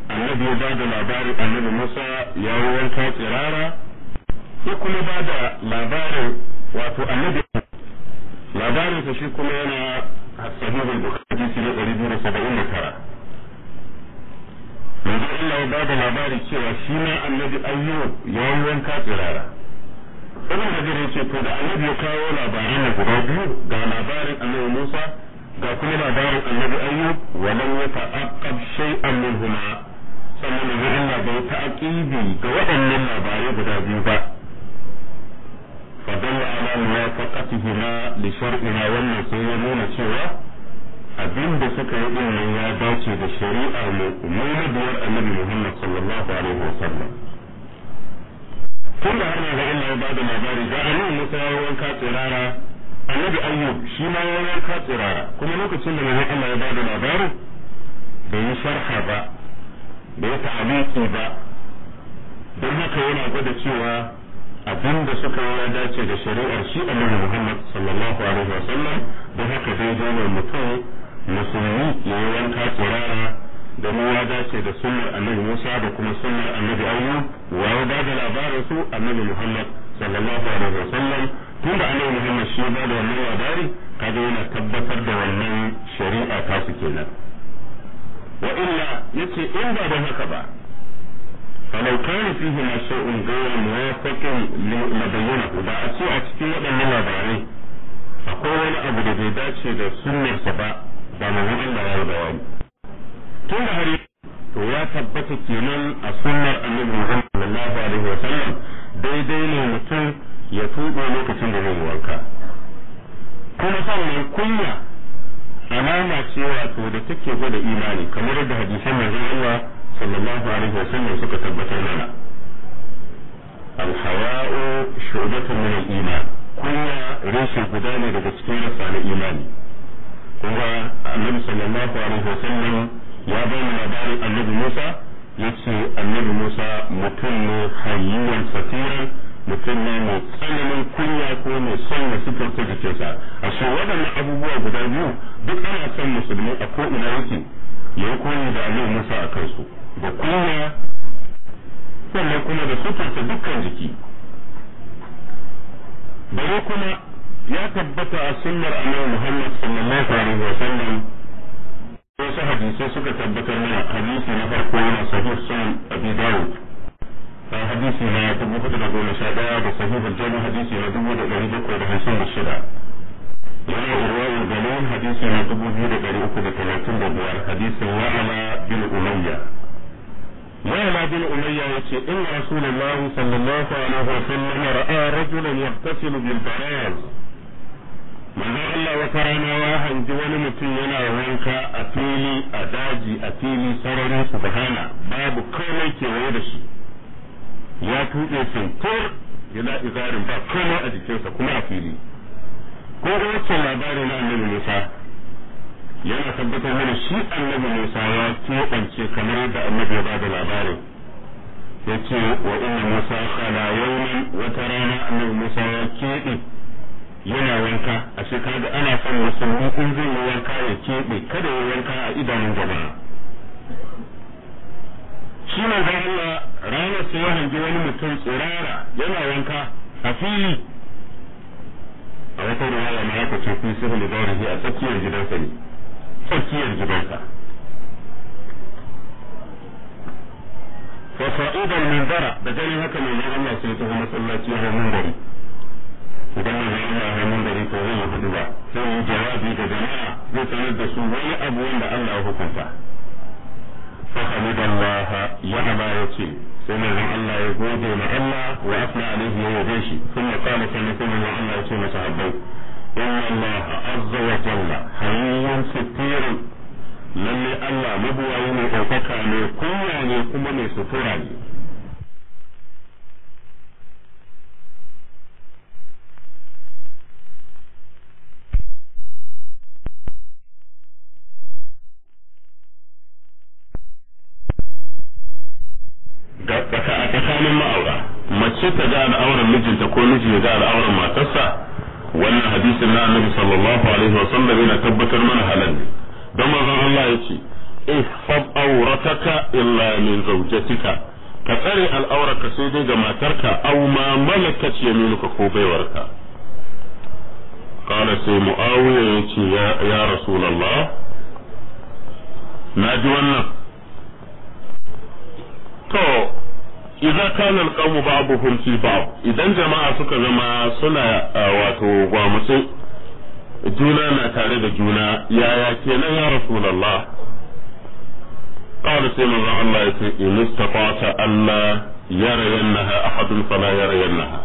S1: annabi ya bada labarin annabi musa ya yi wanka tsirara ya kuma bada labarin wato annabi labarinsa shi kuma yana sahihul bukhari shi na 279 yanzu Allah ya bada labarin cewa shi ma annabi ayyub ya yi wanka tsirara ibn hajar ya ce to da annabi ya kawo labarin na guda biyu ga labarin annabi musa ga kuma labarin annabi ayyub walam yata'aqqab shay'an minhuma sannan da Allah bai ta'aqibi ga waɗannan labarai guda biyu ba fadalla ala muwafaqatihima li shar'ina wannan sai ya nuna cewa Abinda da suka yi din ya dace da shari'a mu maulidiyar annabi Muhammad sallallahu alaihi wasallam tun da har yanzu Allah ya bada labari ga annabi Musa ya wanka tsirara annabi Ayyub shi ma ya wanka tsirara kuma lokacin da manzon Allah ya bada labarin bai yi sharha ba bai yi ta'aliki ba don haka yana gwada cewa abin da suka ya dace da shari'ar shi annabi Muhammad sallallahu alaihi wasallam don haka dai ne mutum musulmi ya yi wanka tsirara mu ya dace da sunnar annabi Musa da kuma sunnar annabi Ayyub wa ya ba da labarin su annabi Muhammad sallallahu alaihi wasallam tun da annabi Muhammad shi ba da wannan labari kaga yana tabbatar da wannan shari'a ta su kenan wa illa yace in ba da haka ba فلو كان فيهما شيء غير موافق لبينه da a ce a cikin waɗannan labarai akwai wani abu da bai dace da sunnarsa ba ba mawudin da ya bayani tun da hari to ya tabbata kenan a sunnar annabi Muhammad sallallahu alaihi wa sallam daidai ne mutum ya tuɗo lokacin da zai wanka kuma sannan kunya alama ce wato da take gwada imani kamar yadda hadisan manzon Allah sallallahu alaihi wa sallam suka tabbatar mana الحياء شعبة من الإيمان guda ne daga cikin سكينة na imani. kuma annabi sallallahu alaihi wasallam ya bayyana labarin annabi Musa yace annabi Musa mutum ne hayyuwan satira mutum ne mai tsananin kunya ko mai son na sifar ta jikinsa a shi waɗannan abubuwa guda biyu duk ana son musulmi a ko ina yake ya yi koyi da annabi Musa a kansu da kunya sannan kuma da suturta dukkan jiki bare kuma يا تبتا سنر أمام محمد صلى الله عليه وسلم وصح حديث سكة تبتا لنا حديث نفر قولنا صحيح سنن أبي داود حديث ما يتبقى لقول شعباء صحيح الجنة حديث يدوه لأهيد قول حسين الشدع يعني إرواي الغلون حديث ما يتبقى لقول شعباء صحيح الجنة حديث وعلى بن أمية وعلى بن أمية يتشي إن رسول الله صلى الله عليه وسلم رأى رجلا يغتسل بالبراز manzo Allah wata rana ya hanji wani mutum yana wanka a fili a daji a fili sararin subhana babu komai kewaye da shi ya tuɗe sinkur yana izarin ba komai a jikinsa kuma a fili ko wancan labarin na annabi Musa yana tabbatar mana shi annabi Musa ya tuɓance kamar yadda annabi ya bada labarin ya ce wa inna Musa khala yawman wata rana annabi Musa ya keɓe yana wanka a sai kaga ana son musulmi in zai yi wanka ya keɓe kada ya wanka a idanun jama'a shi manzon Allah ranar sai ya wani mutum tsirara yana wanka a fili a wata ruwaya ma haka ce fi sihir da a tsakiyar gidansa ne tsakiyar gidansa fa sa'idan da ganin haka ne Allah sai ya tafi masallaci ya mun gari idan ne zai yana hannun gari ko zai hudu ba sai yi jawabi da jama'a zai sanar da su wani abu wanda Allah ya hukunta fa hamidallaha ya aba yace sai manzon Allah ya gode ma Allah wa asna alaihi ya yabe shi kuma kana sai sai manzon Allah ya ce masa habbai inna Allah azza wa jalla hayyun sitirun lalle Allah mabuwayi ne ɗaukaka ne kunya ne kuma mai sutura ne yace ihfab awrataka illa min zawjatika ka tsare al'aurarka sai dai ga matarka aw ma malakat yaminuka ko baiwarka qala sai muawiya yace ya ya rasulullah naji wannan to idan kana alqawmu ba'dhum fi ba'd idan jama'a suka zama suna wato gwamutse juna na tare da juna yaya kenan ya rasulullah yace in istaqata alla yara yannaha يرينها fala yara yannaha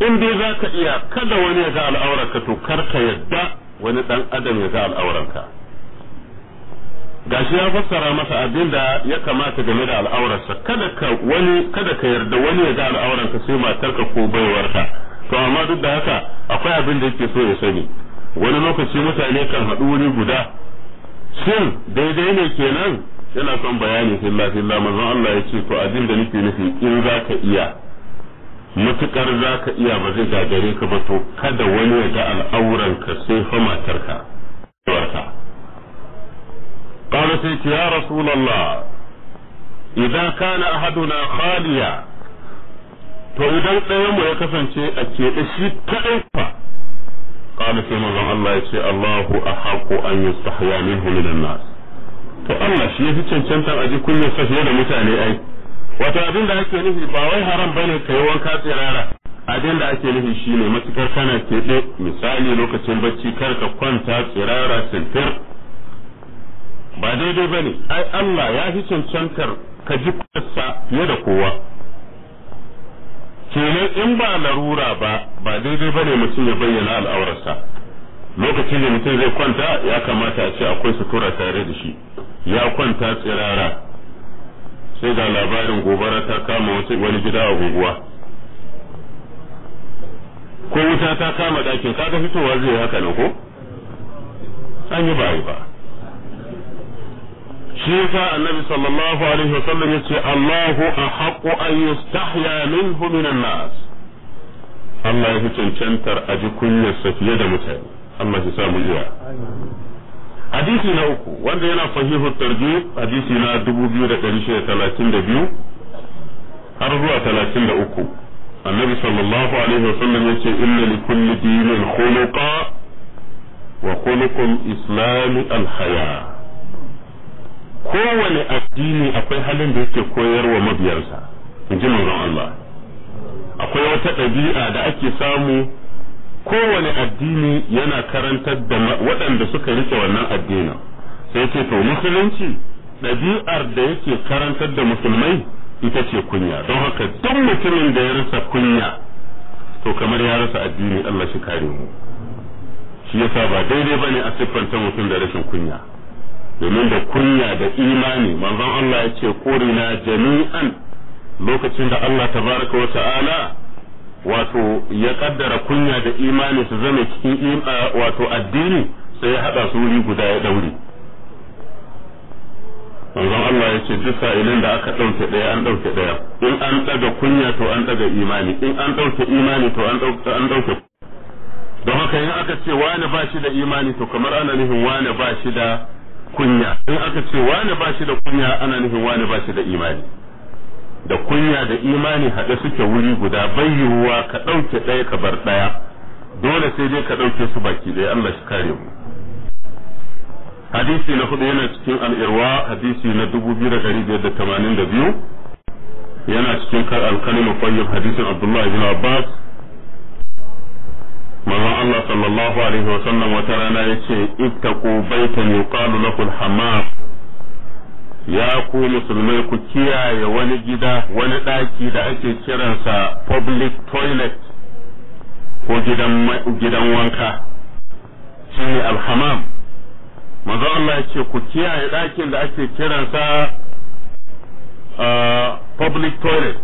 S1: in dai zaka iya kada wani ya ga al'aurarka to kar ka yadda wani dan adam ya ga al'aurarka gashi ya fassara masa abinda ya kamata game da al'aurarsa kada ka wani kada ka yarda wani ya ga al'aurarka sai matarka ko baiwarka to amma duk da haka akwai abin da yake so ya sani wani lokaci mutane kan haɗu wuri guda shin daidai ne kenan yana son bayani filla filla manzon Allah ya ce to abin da nake nufi in za ka iya matukar za ka iya ba zai gagare ka ba to kada wani ya ga al'auranka sai fa matarka قال qala ya ya rasulullah idan kana ahaduna khaliya to idan ɗayan mu ya kasance a keɗe shi kaɗai fa قال سيما الله يتي الله أحق أن يستحيا منه من الناس to Allah shi yafi cancantar aji kunyar sa fiye da mutane ai wato abin da ake nufi ba wai haram bane yi wanka tsirara abin da ake nufi shine matukar kana keɓe misali lokacin bacci kar ka kwanta tsirara sintir ba daidai bane ai Allah ya fi cancantar ka ji kunyar sa fiye da kowa kenan in ba larura ba ba daidai bane mutum ya bayyana al'aurarsa lokacin da mutum zai kwanta ya kamata a ce akwai sutura tare da shi ya kwanta tsirara sai ga labarin gobara ta kama wani gida a guguwa ko wuta ta kama dakin kaga fitowa zai haka ne ko an yi ba ba shi yasa annabi sallallahu alaihi wasallam yace Allahu ahqqu an yustahya minhu minan nas Allah ya cancantar a ji kunyarsa fiye da mutane Allah ya samu iya hadisi na uku wanda yana sahihu tarjih hadisi na 2632 har zuwa 33 annabi sallallahu alaihi sallam yace inna li kulli dinin khuluqa wa khuluqul islam al haya kowane addini akwai halin da yake koyarwa mabiyansa in ji manzon Allah akwai wata ɗabi'a da ake samu kowane addini yana karantar da waɗanda suka rike wannan addinin sai ce to musulunci ɗabi'ar da yake karantar da musulmai ita ce kunya don haka duk mutumin da ya rasa kunya to kamar ya rasa addini Allah shi kare mu shi yasa ba daidai bane a siffanta mutum da rashin kunya domin da kunya da imani manzon Allah ya ce kurina jami'an lokacin da Allah tabaraka wa ta'ala wato ya kaddara kunya da imani su zama cikin wato addini sai ya hada su wuri guda ya daure manzon Allah ya ce duk da aka ɗauke ɗaya an ɗauke ɗaya in an ɗaga kunya to an ɗaga imani in an ɗauke imani to an ɗauke don haka in aka ce wani ba shi da imani to kamar ana nufin wani ba shi da kunya in aka ce wani ba shi da kunya ana nufin wani ba shi da imani da kunya da imani haɗe suke wuri guda bai ka ɗauke ɗaya ka bar ɗaya dole sai dai ka ɗauke su baki ɗaya Allah shi kare mu hadisi na hudu yana cikin al'irwa hadisi na dubu biyu da ɗari biyar da tamanin da biyu yana cikin kar alkalin hadisi hadisin abdullahi bin abbas manzon Allah sallallahu alaihi wa sallam wata rana yace ittaqu baitan yuqalu lahu al-hammam ya ku musulmai ku kiyaye wani gida wani daki da ake kiransa public toilet ko gidan gidan wanka shine alhamam. hammam manzon Allah yace ku kiyaye dakin da ake kiransa ah, public toilet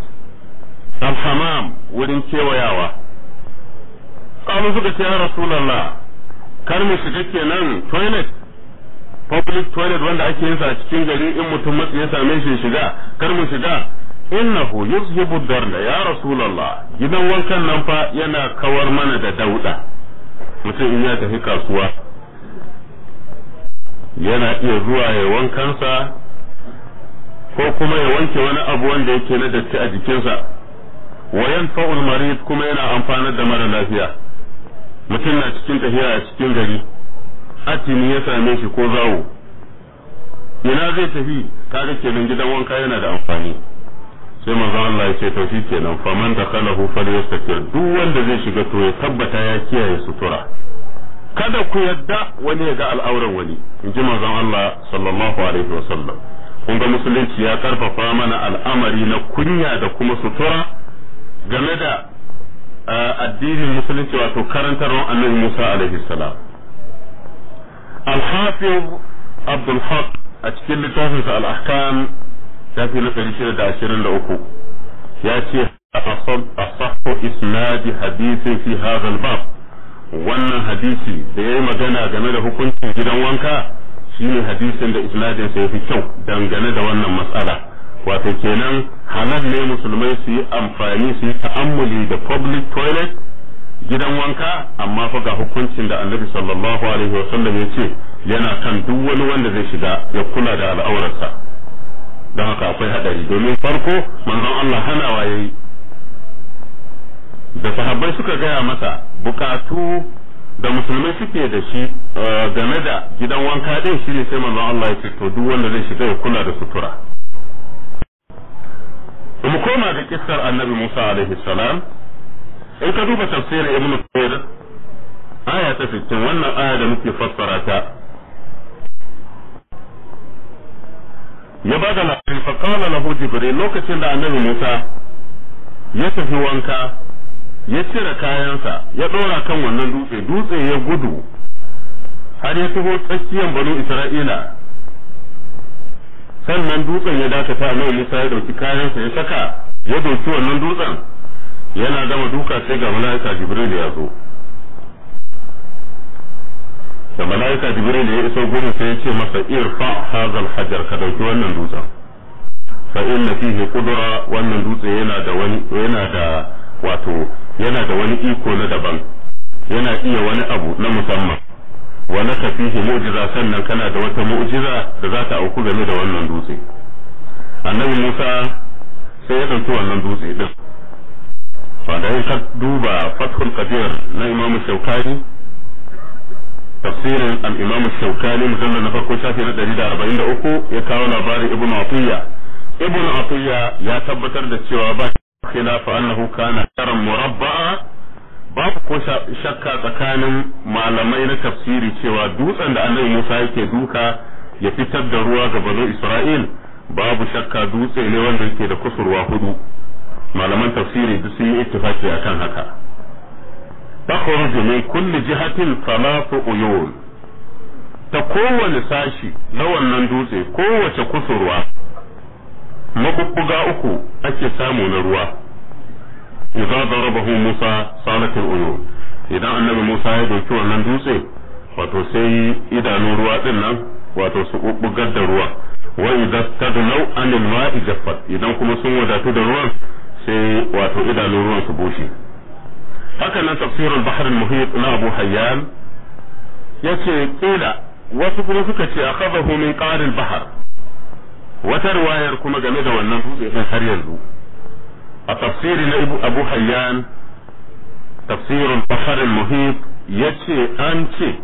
S1: alhamam hammam wurin kewayawa kalu suka ce ya rasulallah kar mu shiga kenan toilet public toilet wanda ake yin sa a cikin gari in mutum matsi ya same shi shiga kar mu shiga innahu yuzhibu darda ya rasulallah gidan wankan nan fa yana kawar mana da dauda mutum in ya tafi kasuwa yana iya zuwa ya wankansa ko kuma ya wanke wani abu wanda yake na datti a jikinsa wayan fa'ul marid kuma yana amfanar da mara lafiya mutum na cikin tafiya a cikin gari atini ya same shi ko zawo ina zai tafi kaga kenan gidan wanka yana da amfani sai manzo Allah ya ce to shi kenan faman da kalahu falyastakir duk wanda zai shiga to ya tabbata ya kiyaye sutura kada ku yadda wani ya ga al'auran wani in ji manzon Allah sallallahu alaihi wasallam kun ga musulunci ya karfafa mana al'amari na kunya da kuma sutura game da addinin musulunci wato karantarwar annabi Musa alaihi salam al-hafiz Abdul Haq a cikin littafinsa al-ahkam shafi na uku ya ce asahhu isnadi hadisin fi hadha al-bab wannan hadisi da yayi magana game da hukuncin gidan wanka shine hadisin da isnadin sa yafi kyau dangane da wannan matsala wato kenan halal ne musulmai su yi amfani su yi ta'ammuli da public toilet gidan wanka amma fa ga hukuncin da annabi sallallahu alaihi wasallam ya ce yana kan duk wani wanda zai shiga ya kula da al'aurarsa don haka akwai hadari domin farko manzon Allah hanawa yayi da sahabbai suka gaya masa bukatu da musulmai suke da shi eh, game da gidan wanka din shine sai manzon Allah ya ce to duk wanda zai shiga ya kula da sutura mu koma ga kissar annabi Musa alaihi salam in ka duba tafsirin ibnu kathir aya ta 60 wannan aya da muke fassara ta ya ba da labarin faƙala lahu lokacin da annabi musa ya tafi wanka ya cire kayansa ya ɗora kan wannan dutse dutse ya gudu har ya taho tsakiyar banu isra'ila sannan dutsen ya dakata a Musa ya dauki kayansa ya saka ya dauki wannan dutsen yana gama duka sai ga mala'ika Jibril ya zo da mala'ika Jibril ya iso gurin sai ya ce masa irfa hazal hajar ka dauki wannan dutsen fa inna fihi qudra wannan dutse yana da wani yana da wato yana da wani iko na daban yana iya wani abu na musamman wa laka fihi mu'jiza sannan kana da wata mu'jiza da za ta auku game da wannan dutse annabi Musa sai ya ɗauki wannan dutse din wanda in ka duba fathul qadir na imamu shaukani tafsirin al-imamu shaukani mujalla na farko shafi na 143 ya kawo labarin ibnu atiyya ibnu atiyya ya tabbatar da cewa ba khilafa annahu kana karan murabba'a babu ko shakka tsakanin malamai na tafsiri cewa dutsen da annabi Musa yake duka ya fitar da ruwa ga bazo Isra'il babu shakka dutse ne wanda yake da kusurwa hudu malaman tafsiri duk sun yi ittifaki akan haka takhruju min kulli jihatin thalathu uyun ta kowane sashi na wannan dutse kowace kusurwa mabubbuga uku ake samu na ruwa idza darabahu musa salatul uyun idan annabi musa ya doki wannan dutse wato sai idanun ruwa din wato su bubbugar da ruwa wa idza tadnau anil ma'i jaffat idan kuma sun wadatu da ruwan sai wato idanun ruwan su bushe hakanan tafsirin tafsirul bahr al-muhit na abu hayyan yace kila wasu kuma suka ce akhadahu min ƙarin bahr wata riwayar kuma game da wannan dutse din har yanzu a tafsiri na abu hayyan tafsirin baharin muhim ya ce an ce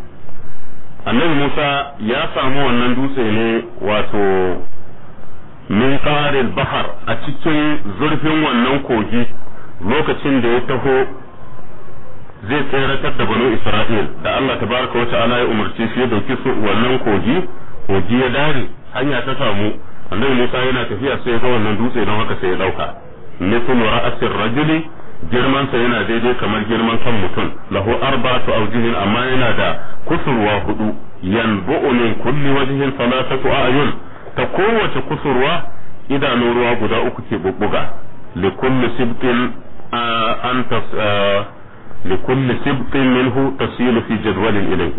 S1: annabi musa ya samu wannan dutse ne wato min ƙarin bahar a cikin zurfin wannan kogi lokacin da ya taho zai tseratar da banu isra'il da allah baraka wa ta'ala ya umarci shi ya dauki su wannan kogi kogi ya dare hanya ta samu annabi musa yana tafiya sai ya ga wannan dutse don haka sai ya dauka mithlu ra'asir rajuli girman sa yana daidai kamar girman kan mutum lahu arba'atu awjihin amma yana da kusurwa hudu yanbu'u min kulli wajhin salatatu ayun ta kowace kusurwa idanu ruwa guda uku ke bubbuga li kulli sibtin an tas li kulli sibtin minhu tasilu fi jadwalin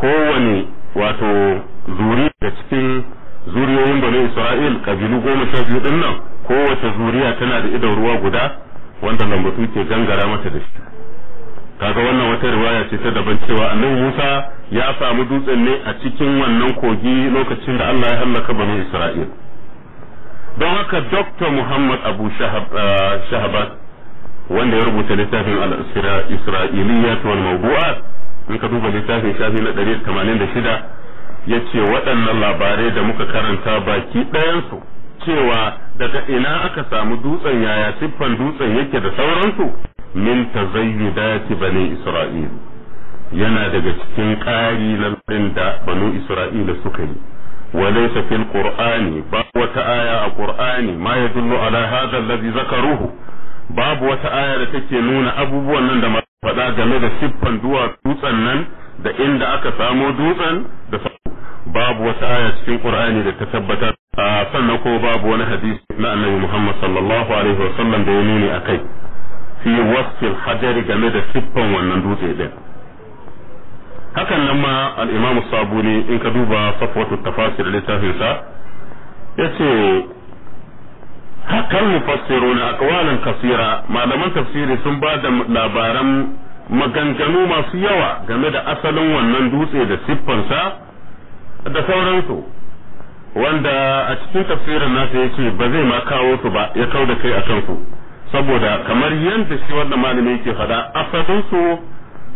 S1: kowane wato zuri da cikin zuriyoyin bani isra'il kabilu goma sha biyu din nan kowace zuriya tana da idon ruwa guda wanda lambatu ke gangara mata da shi kaga wannan wata riwaya ce ta daban cewa annabi Musa ya samu dutsen ne a cikin wannan kogi lokacin da Allah ya hallaka bani Isra'il don haka Dr. Muhammad Abu Shahab ah, wanda ya rubuta littafin al-Isra'iliyyat al mawdu'at in ka duba littafin shafi na 186 yace waɗannan labarai da muka karanta baki ɗayan su cewa daga ina aka samu dutsen yaya siffan dutsen yake da sauransu min tazayyudati bani isra'il yana daga cikin ƙari lamarin da banu isra'ila suka yi wa laysa fil qur'ani ba wata aya a qur'ani ma yadullu ala hadha alladhi zakaruhu babu wata aya da take nuna abubuwan nan da faɗa game da siffan dutsen nan da inda aka samo dutsen da babu wata aya cikin qur'ani da ta tabbatar sannan ko babu wani hadisi na annabi Muhammad sallallahu alaihi wasallam da ya nuni akai fi wasfil hajari game da siffan wannan dutse din hakan nan ma al Sabuni in ka duba safwatu tafasir littafinsa. ya ce hakan mufassiruna aqwalan kasira malaman tafsiri sun ba da labaran maganganu masu yawa game da asalin wannan dutse da siffansa da sauransu wanda a cikin tafsirin nasa ya ce ba zai ma kawo su ba ya kau da kai a kansu saboda kamar yadda shi wannan malami yake faɗa su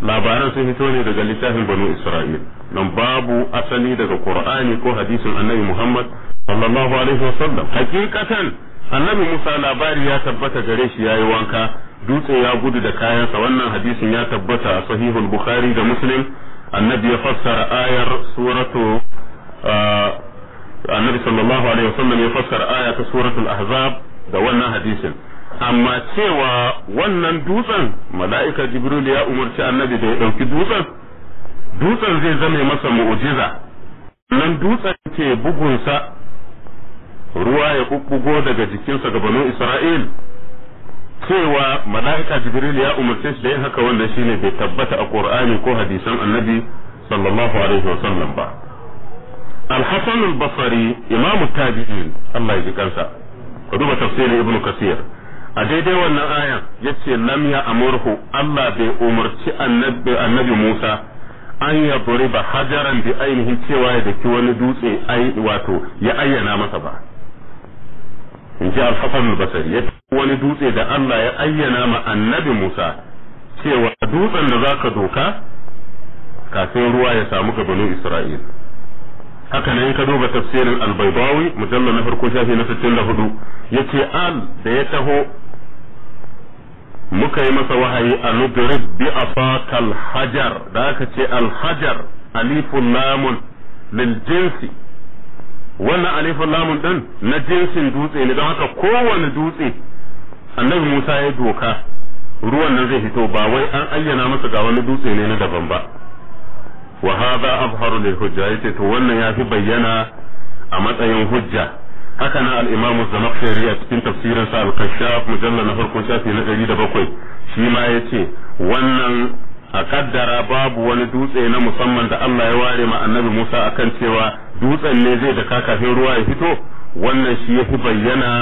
S1: labaran sun fito ne daga littafin banu isra'il nan babu asali daga qur'ani ko hadisin annabi muhammad sallallahu alaihi wasallam hakikatan annabi musa labari ya tabbata gare shi yayi wanka dutse ya gudu da kayansa wannan hadisin ya tabbata a sahihul bukhari da muslim annabi ya fassara ayar suratu ah, annabi sallallahu alaihi wasallam ya fassar aya ta suratul ahzab da wannan hadisin amma cewa wannan dutsen mala'ika jibril ya umarci annabi da ya dauki dutsen dutsen zai zame masa mu'jiza nan dutsen ke bugunsa ruwa ya bubbugo daga jikinsa ga banu isra'il cewa mala'ika jibril ya umarce shi da yin haka wanda shine bai tabbata a qur'ani ko hadisan annabi sallallahu alaihi wasallam ba al-hasan al-basri imam tabi'in Allah ya ji kansa ka duba tafsirin ibnu kasir a daidai wannan ayan yace lam ya amurhu Allah bai umarci annabi annabi Musa an ya ba hajaran bi ainihin cewa ya daki wani dutse ai wato ya ayyana masa ba in ji al-hasan al-basri yace wani dutse da Allah ya ayyana ma annabi Musa cewa dutsen da zaka doka kafin ruwa ya samu gabanin Isra'ila haka ne ka duba tafsirin al mujallar mujalla na farko shafi na 64 yace al da ya taho muka yi masa wahayi a bi afakal hajar da aka ce alhajar hajar alifun lamun lil jinsi wannan alifun lamun din na jinsin dutse ne don haka kowane dutse annabi Musa ya doka ruwan nan zai fito ba wai an ayyana masa ga wani dutse ne na daban ba wa hadha azharu lil hujja yace to wannan ya fi bayyana a matsayin hujja haka nan al-imamu zamakhshari a cikin tafsirin sa al-kashaf mujallal na farko shafi na 107 shi ma yace wannan a kaddara babu wani dutse na musamman da Allah ya ware ma annabi Musa akan cewa dutsen ne zai da kakafin ruwa ya fito wannan shi yafi bayyana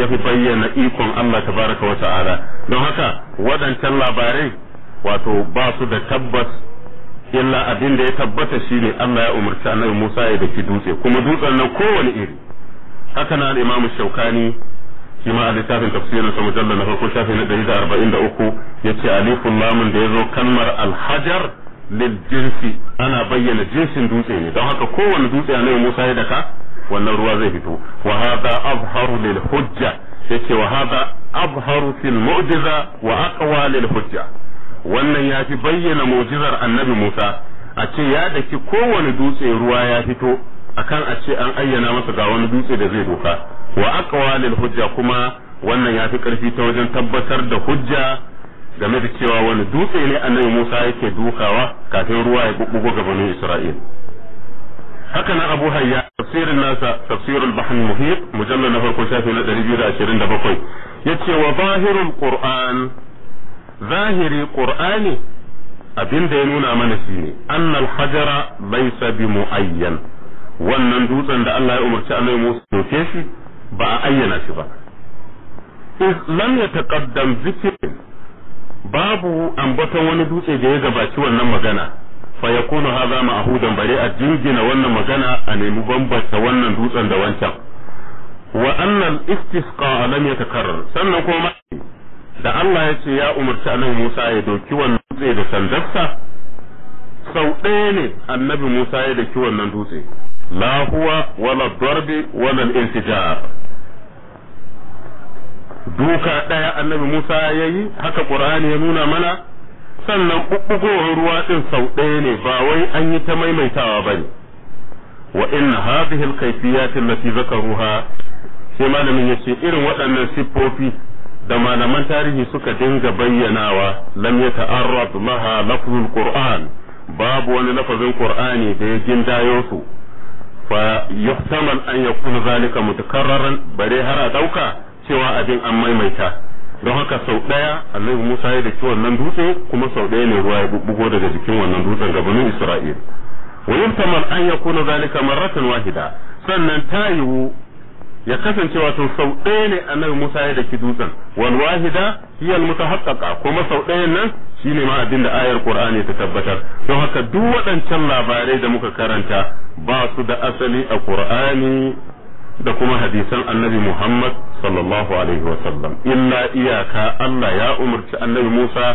S1: yafi bayyana ikon Allah tabaraka wa ta'ala don haka waɗancan labarai wato ba su da tabbas illa abin da ya tabbata shine Allah ya umarci annabi Musa ya daki dutse kuma dutsen nan kowane iri haka na al-Imam Shawkani shi ma a littafin tafsirin sa mujalla na farko shafi na 143 yace alifun lamun da yazo kalmar al-hajar lil jinsi ana bayyana jinsin dutse ne don haka kowane dutse annabi Musa ya daka wannan ruwa zai fito wa hadha azharu lil hujja yace wa hadha azharu fil mu'jiza wa aqwa lil hujja wannan ya fi bayyana mu'jizar annabi Musa a ce ya daki kowane dutse ruwa ya fito akan a ce an ayyana masa ga wani dutse da zai doka wa lil hujja kuma wannan ya fi karfi ta wajen tabbatar da hujja game da cewa wani dutse ne annabi Musa yake dukawa kafin ruwa ya bubbugo ga banu Isra'il haka na Abu Hayya tafsirin nasa tafsirul bahn muhit mujallal na farko shafi na 227 yace wa zahirul qur'an zahiri qur'ani abin da ya nuna mana shine annal hajara laysa bi muayyan wannan dutsen da Allah ya umarci annabi Musa soke shi ba a ayyana shi ba iz lam yataqaddam zikrin babu ambaton wani dutse da ya gabaci wannan magana fa yakunu hadha ma'hudan bare a jingina wannan magana a nemi bambanta wannan dutsen da wancan wa annal istisqa lam yatakarrar sannan kuma da Allah ya ce ya umarci annabi Musa ya doki wannan dutse da sandarsa sau ɗaya ne annabi Musa ya doki wannan dutse la huwa wala darbi wala intijar duka ɗaya annabi Musa ya yi haka Qur'ani ya nuna mana sannan kukkugowar ruwa ɗin sau ɗaya ne ba wai an yi ta maimaitawa bane wa in hadhihi al-kayfiyat allati zakaruha sai malamin yace irin waɗannan siffofi da malaman tarihi suka dinga bayyanawa lam ya ta'arraf maha lafzul qur'an babu wani lafazin qur'ani da ya gindayo su fa yuhtamal an yakuna zalika mutakarraran bare har a dauka cewa abin an maimaita don haka sau daya annabi Musa ya dace wannan dutse kuma sau daya ne ruwa ya bubbugo daga jikin wannan dutsen gabanin Isra'il wa yuhtamal an yakuna zalika marratan wahida sannan ta yiwu ya kasance wato sau ɗaya ne annabi Musa ya daki dutsen wal wahida hiya al mutahaqqaqa kuma sau ɗayan nan shine ma abin da ayar Qur'ani ta tabbatar don haka duk waɗancan labarai da muka karanta ba su da asali a Qur'ani da kuma hadisan annabi Muhammad sallallahu alaihi wa sallam illa iyaka Allah ya umarci annabi Musa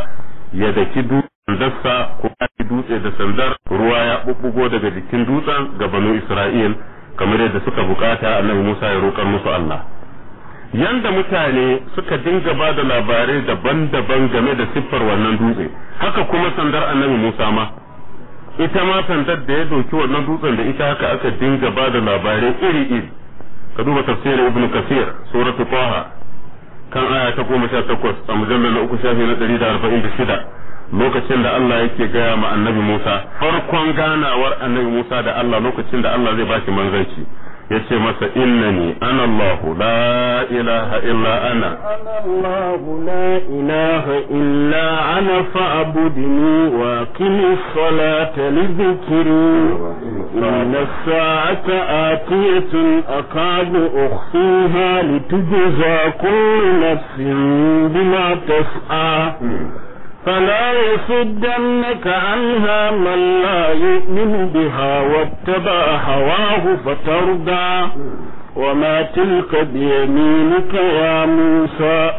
S1: ya daki dutsen dassa ko dutse da sandar ruwa ya bubbugo daga jikin dutsen ga banu Isra'il kamar yadda suka bukata annabi Musa ya roƙar musu Allah yanda mutane suka dinga ba da labarai daban-daban game da siffar wannan dutse haka kuma sandar annabi Musa ma ita ma sandar da ya doki wannan dutsen da ita haka aka dinga ba da labarai iri-iri ka duba tafsirin ibnu kasir suratu qaha kan aya ta goma sha takwas a mujallar na uku shafi na ɗari da arba'in da shida lokacin da Allah yake gaya ma annabi Musa farkon ganawar annabi Musa da Allah lokacin da Allah zai bashi manzanci yace masa innani ana Allahu la ilaha illa ana Allahu la ilaha illa ana fa'budni wa qimis salata li dhikri inna sa'ata atiyatun aqadu ukhfiha litujza kullu nafsin bima tas'a فلا يصدنك عنها من لا يؤمن بها واتبع هواه فتردى وما تلك بيمينك يا موسى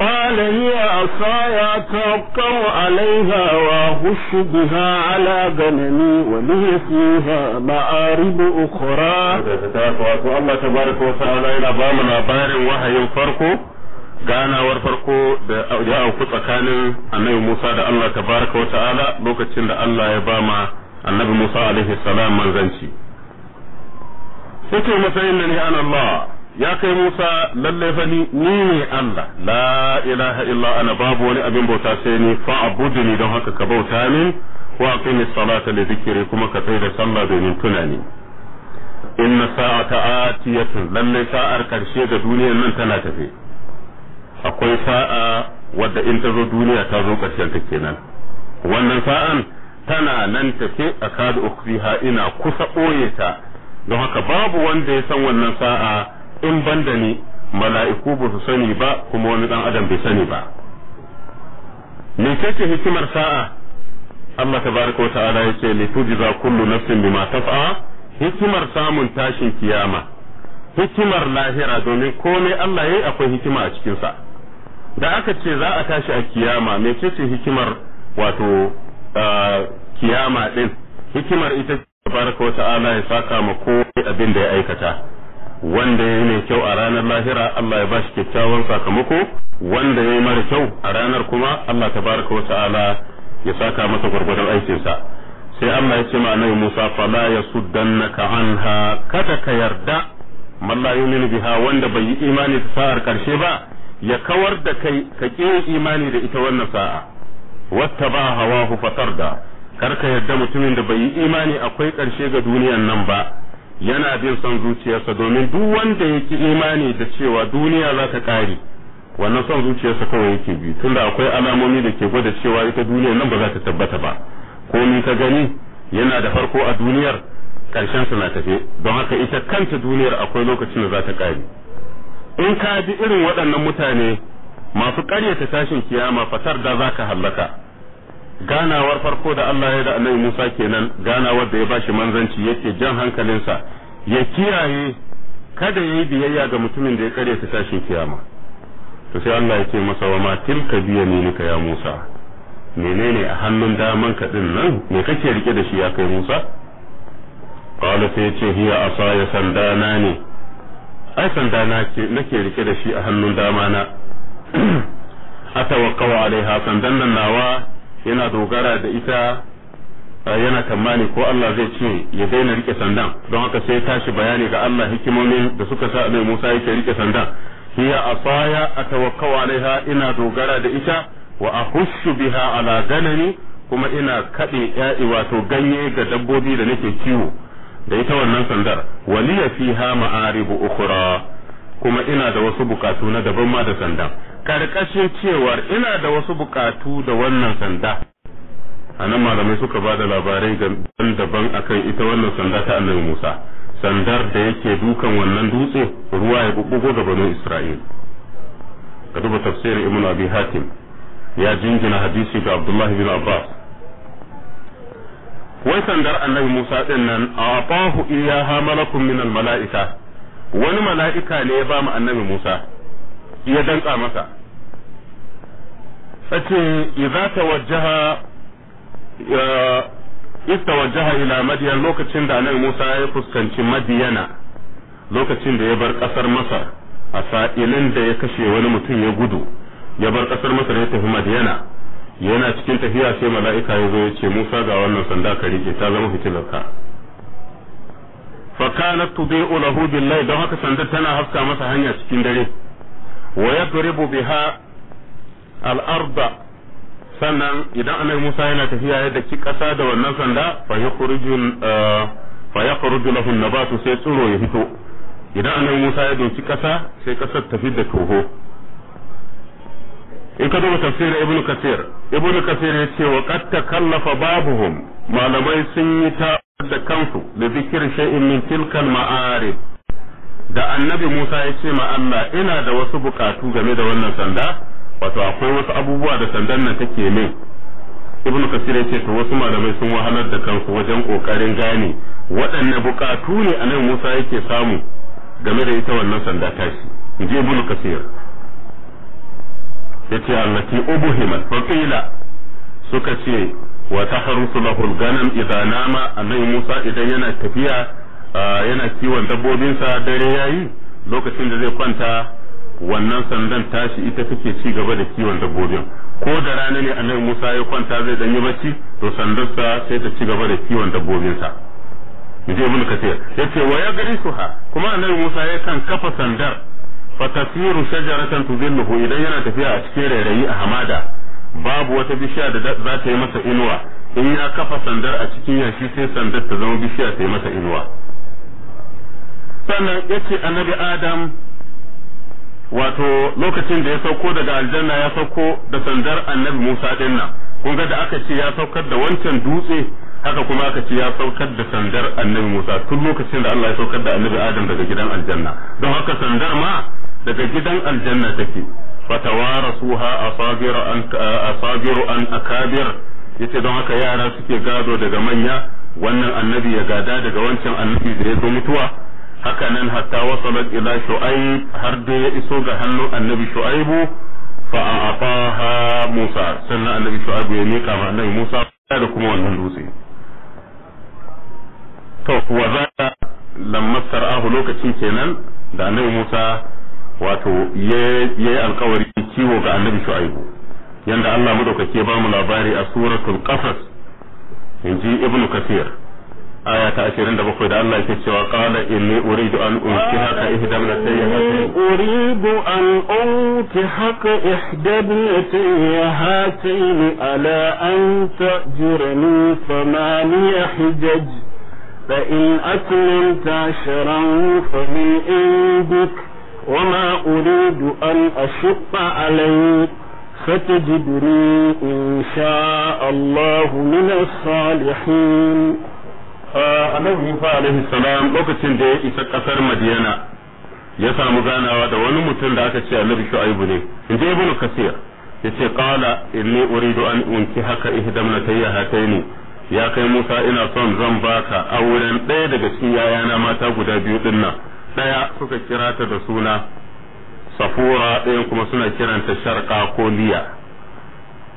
S1: قال هي عصاي اتوقع عليها واهش بها على غنمي ولي فيها مآرب اخرى الله تبارك وتعالى الى بامنا بارئ وهي الفرق ganawar farko da ya auku tsakanin annabi Musa da Allah ta baraka wa ta'ala lokacin da Allah ya bama annabi Musa alaihi salam manzanci sai ce masa innani ana Allah ya kai Musa lalle fa ni ni ne Allah la ilaha illa ana babu wani abin bauta sai ni fa abuduni don haka ka bauta min wa aqimi salata li dhikri kuma ka sai da sallah domin tunani inna sa'ata atiyatun lalle sa'ar karshe da duniyar nan tana tafe akwai sa'a wadda in ta zo duniya ta zo ƙarshen ta kenan wannan sa'an tana nan tafe a kada ukfiha ina kusa ɓoye ta don haka babu wanda ya san wannan sa'a in banda ni mala'iku ba su sani ba kuma wani dan adam bai sani ba mecece hikimar sa'a Allah tabaraka wa ta'ala yace li tujza kullu nafsin bima taf'a hikimar samun tashin kiyama hikimar lahira domin komai Allah yayi akwai hikima a cikin sa da aka ce za a tashi a kiyama ce hikimar wato kiyama din hikimar ita ce tabaraka wa ta'ala ya saka ma komai abin da ya aikata wanda ya yi mai kyau a ranar lahira Allah ya ba shi kyakkyawan sakamako wanda ya yi mara kyau a ranar kuma Allah tabaraka wa ta'ala ya saka masa gwargwadon aikinsa sai Allah ya ce ma Musa fala yasuddannaka anha kada ka yarda man biha wanda bai yi imani ta sa'ar karshe ba ya kawar da kai ka kiyin imani da ita wannan sa'a wata ba hawa fatar da karka yadda mutumin da bai yi imani akwai ƙarshe ga duniyan nan ba yana bin son zuciyarsa domin duk wanda ya yake imani da cewa duniya za ta ƙare wannan son zuciyarsa kawai yake bi tunda akwai alamomi da ke gwada cewa ita duniyar nan ba za ta tabbata ba ko komi ka gani yana da farko a duniyar ƙarshen na tafe don haka ita kanta duniyar akwai lokacin da za ta ƙare in ka ji irin waɗannan mutane masu ƙaryata tashin kiyama fatar da ka hallaka ganawar farko da Allah ya da Annabi Musa kenan ganawar da ya bashi manzanci yake jan hankalinsa ya kiyaye kada yayi biyayya ga mutumin da ya ƙaryata tashin kiyama to sai Allah ya ce masa wa ma tilka biyaminika ya Musa menene a hannun daman ka din nan me kake rike da shi ya kai Musa qala sai ya ce hiya asaya sandana ne ai sanda nake rike da shi a hannun dama na atawakkau alaiha sandan nan nawa yana dogara da ita yana tamani ko Allah zai ce ya daina rike sandan don haka sai tashi bayani ga Allah hikimomin da suka sa mai Musa yake rike sandan hiya asaya atawakkau alaiha ina dogara da ita wa ahussu biha ala ganani kuma ina kaɗe ya'i wato ganye ga dabbobi da nake kiwo da ita wannan sandar waliya ha ma'aribu ukhra kuma ina da wasu bukatu na daban ma da sanda karkashin cewar ina da wasu bukatu da wannan sanda a malamai suka bada da labarai daban-daban akan ita wannan sanda ta annabi Musa sandar da yake dukan wannan dutse ruwa ya bubbugo ga banu Isra'il ka duba tafsirin Ibn Abi Hatim ya jingina hadisi ga Abdullah bin Abbas wai sandar annabi Musa din nan atahu iyaha malakun min malaika wani mala'ika ne ya ba mu annabi Musa ya danka masa sace idza tawajjaha istawajjaha ila madiyan lokacin da annabi Musa ya fuskanci madyana lokacin da ya bar kasar Masar a sa'ilin da ya kashe wani mutum ya gudu ya bar kasar Masar ya tafi madiyana yana cikin tafiya sai mala'ika ya zo ya ce Musa ga wannan sanda ka rike ta zama fitilar ka. fa kanat tudai'u lahu billahi don haka sanda tana haska masa hanya cikin dare wa yadribu biha al-arda sannan idan annabi Musa yana tafiya ya daki kasa da wannan sanda fa yakhruju eh, fa yakhruju lahu an-nabatu sai tsiro ya fito idan annabi Musa ya doki kasa sai ƙasar ta da toho in ka duba tafsir ibnu kasir ibnu kasir ya ce wa qad takallafa babuhum malamai sun yi ta da kansu da zikir shay'in min tilkal ma'arif da annabi Musa ya ce ma Allah ina da wasu bukatu game da wannan sanda wato akwai wasu abubuwa da sandan nan take min ibnu kasir ya ce to wasu malamai sun wahalar da kansu wajen kokarin gane waɗanne bukatu ne annabi Musa yake samu game da ita wannan sanda tashi in ibnu kathir yace allati ubuhima fa qila suka ce wa tahrusu lahu al-ganam idza nama annabi Musa idan yana tafiya yana kiwon dabbobinsa dare yayi lokacin da zai kwanta wannan sandan tashi ita take ci gaba da kiwon dabbobin ko da rana ne annabi Musa ya kwanta zai dan yi bacci to sandarsa sai ta ci gaba da kiwon dabbobinsa yace mun kace yace wa ha kuma annabi Musa ya kan kafa sandar fatasiru tasiru shajaratan hu idan yana tafiya a cikin rairayi a hamada babu wata bishiya da za ta yi masa inuwa in ya kafa sandar a cikin yashi sai sandar ta zama bishiya ta yi masa inuwa sannan yace annabi adam wato lokacin da ya sauko daga aljanna ya sauko da sandar annabi musa dinnan kun ga da aka ce ya saukar da wancan dutse haka kuma aka ce ya saukar da sandar annabi Musa tun lokacin da Allah ya saukar da annabi Adam daga gidan aljanna don haka sandar ma daga gidan aljanna take fatawarasuha asabir a asabiru an akabir yace don haka yara suke gado daga manya wannan annabi ya gada daga wancan annabi da ya zo mutuwa haka nan hatta wasalat ila shu'aib har da ya iso ga hannu annabi shu'aibu fa a'ataha musa sannan annabi shu'aibu ya mika ma annabi musa da kuma wannan dutse to wa zaka lamma sar'ahu lokacin kenan da annabi musa wato ya yi alkawarin kiwo ga annabi shu'aibu yanda Allah madaukake ba mu labari a suratul qasas inji ibnu kathir aya ta 27 da Allah yake cewa qala inni uridu an unkihaka ihdam latayhi uridu an unkihaka ihdam latayhi ala an tajurani thamaniya hijaj فإن أتممت عشرا فمن عندك وما أريد أن أشق عليك فتجدني إن شاء الله من الصالحين annabi Musa alaihi salam lokacin da ya isa ƙasar Madiyana ya samu ganawa da wani mutum da aka ce annabi Shu'aibu ne inda ibnu Kasir yace qala inni uridu an unki haka ihdamnatayya hataini ya kai Musa ina son zan baka auren ɗaya daga cikin yayana mata guda biyu dinnan ɗaya suka kira ta da suna safura ɗayan kuma suna kiranta sharka ko liya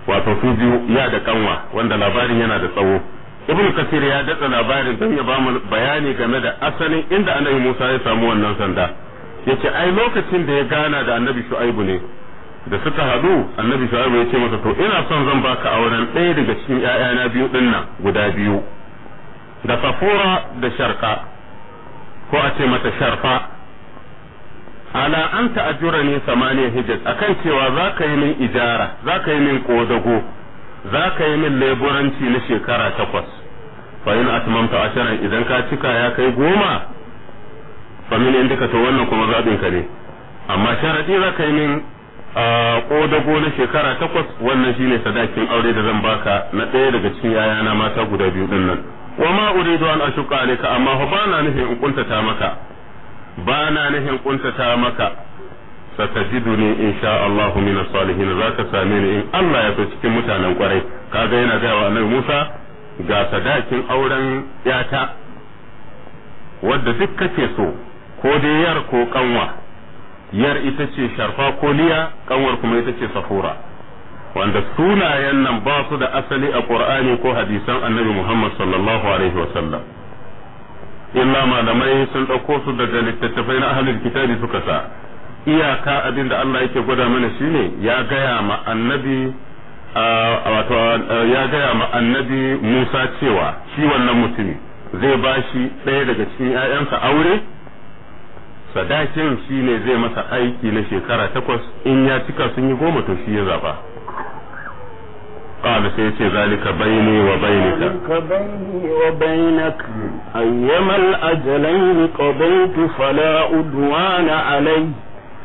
S1: wato su biyu ya da kanwa wanda labarin yana da tsawo ibn kasir ya datsa labarin don ya bamu bayani game da asalin inda annabi musa ya samu wannan sanda yace ai lokacin da ya gana da annabi shu'aibu ne da suka haɗu annabi shu'aibu ya ce masa to ina son zan baka auren ɗaya daga cikin ƴaƴana biyu ɗin guda biyu da safura da sharka ko a ce mata sharfa ala an ta'ajjura ne samaniya hijaz akan cewa za ka yi min ijara za ka yi min kodago za ka yi min leburanci na shekara takwas fa in atmamta asharan idan ka cika ya kai goma fa min ka to wannan kuma zaɓin ka ne amma sharadi za ka yi min kodago na shekara takwas wannan shine sadakin aure da zan baka na ɗaya daga cikin yayana mata guda biyu ɗin nan wa ma uridu an ashuka alayka amma fa bana nufin in kuntata maka bana in kuntata maka satajiduni insha Allah min as-salihin zaka same ni in Allah ya so cikin mutanen kwarai kaga yana ga wa Annabi Musa ga sadakin auren yata wadda duk kake so ko dai yar ko kanwa yar ita ce sharfa ko liya kanwar kuma ita ce safura wanda sunayen nan ba su da asali a ƙur'ani ko hadisan annabi Muhammad sallallahu alaihi wasallam illa malamai sun ɗauko su daga littattafai na ahlul kitabi suka sa iyaka abin da Allah yake gwada mana shine ya gaya ma annabi wato ya gaya ma annabi Musa cewa shi wannan mutumi zai ba shi ɗaya daga cikin ‘ya'yansa aure sadakin shine zai masa aiki na shekara takwas in ya cika sun yi goma to shi ya zaba قال سيتي ذلك بيني وبينك ذلك بيني وبينك أيما الأجلين قضيت فلا أدوان علي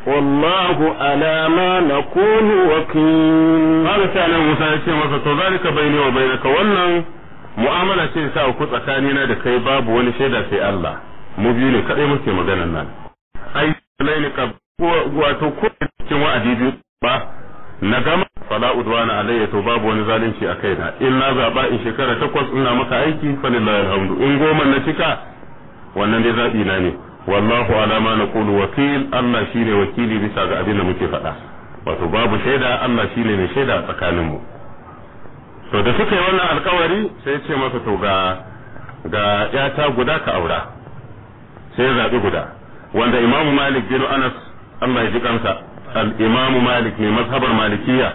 S1: والله على ما نكون وكيل قال سأنا موسى يتي موسى ذلك بيني وبينك وانا mu'amala ce ta ku tsakanina da kai babu wani shaida sai Allah mu biyu ne kadai muke maganar nan ai lailika wato ko cikin wa'adi biyu ba Na fala udwana alayya to babu wani zalunci a kaina in na zaba in shekara takwas ina maka aiki lillahi alhamdu in goma na cika wannan dai zabi na ne wallahu ala ma naqulu wakil Allah shine wakili bisa ga abin da muke faɗa wato babu shaida Allah shine mai shaida a tsakaninmu mu to da suka yi wannan alkawari sai ce masa to ga ga yata guda ka aura sai zabi guda wanda imamu malik bin anas Allah ya ji kansa al malik mai mazhabar malikiya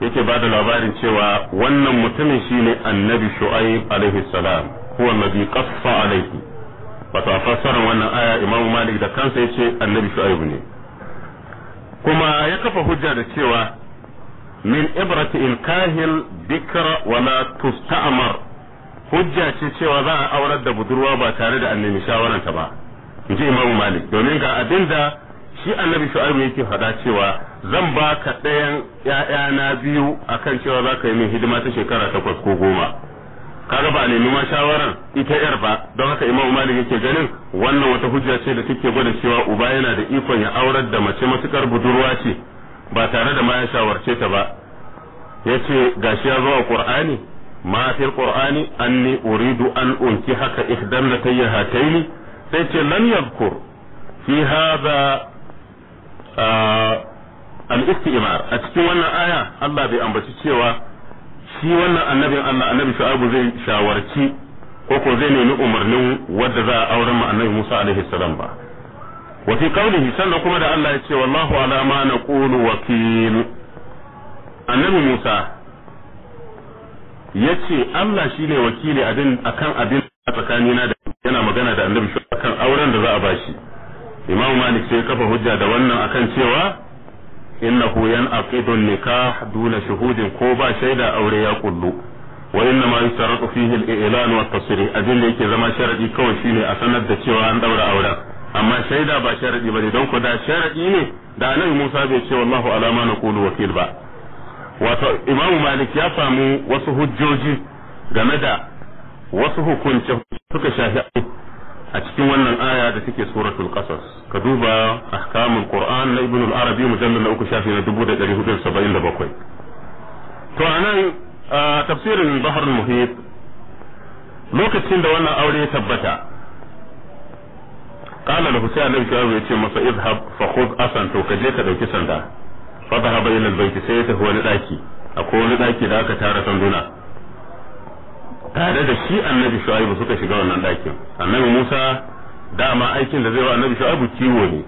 S1: yake bada labarin cewa wannan mutumin shine annabi shu'aib alaihi salam huwa nabi qassa alaihi wato fassarar wannan aya imam malik da kansa yace annabi shu'aib ne kuma ya kafa hujja da cewa min ibrati kahil bikra wala tusta'mar hujja ce cewa za a aurar da budurwa ba tare da annabi shawaranta ba in ji imamu malik domin ga abinda shi annabi shu'aibu yake faɗa cewa zan ba ka ɗayan ‘ya'yana biyu akan cewa za ka yi min hidima ta shekara takwas ko goma kaga ba a nemi ma shawaran ita yar ba don haka imam malik yake ganin wannan wata hujja ce da take gwada cewa uba yana da ikon ya aurar da mace matukar budurwa ce ba tare da ma ya shawarce ta ba yace gashi ya zo a qur'ani ma fi qur'ani anni uridu an unki haka ihdan latayya hataini sai ce lan yadhkur fi hadha al-istimar a cikin wannan aya Allah bai ambaci cewa shi wannan annabin Allah annabi Shu'aibu zai shawarci ko ko zai nemi umarnin wanda za a aure ma annabi Musa alaihi salam ba wa fi qawlihi sannan kuma da Allah ya ce wallahu ala ma naqulu wakil annabi Musa ya ce Allah ne wakili akan abin tsakanina da yana magana da annabi Shu'aibu akan auren da za a bashi imamu malik sai kafa hujja da wannan akan cewa yan yanqidu nikah duna shuhudin ko ba shaida aure ya kullu wa inna ma yustaratu fihi al-i'lan wa tasrih abin da yake zama sharadi kawai shine a sanar da cewa an daura auren amma shaida ba sharadi bane don ko da sharadi ne da annabi Musa bai ce wallahu alama na naqulu wakil ba wato imamu malik ya samu wasu hujjoji game da wasu hukunce suka shafi a cikin wannan aya da take suratul qasas ka duba ahkamul qur'an na ibn al-arabi mujallal na uku shafi na 1477 to anan tafsirin bahr al-muhit lokacin da wannan aure ya tabbata qala lahu sai annabi sallallahu yace masa izhab fa khudh asan to kaje ka dauki sanda fa dhahaba ila al-bayt sai ya tafi wani daki akwai wani daki da aka tara sanduna tare da shi annabi shu'aibu suka shiga wannan ɗakin annabi musa dama aikin da zai wa annabi shu'aibu kiwo ne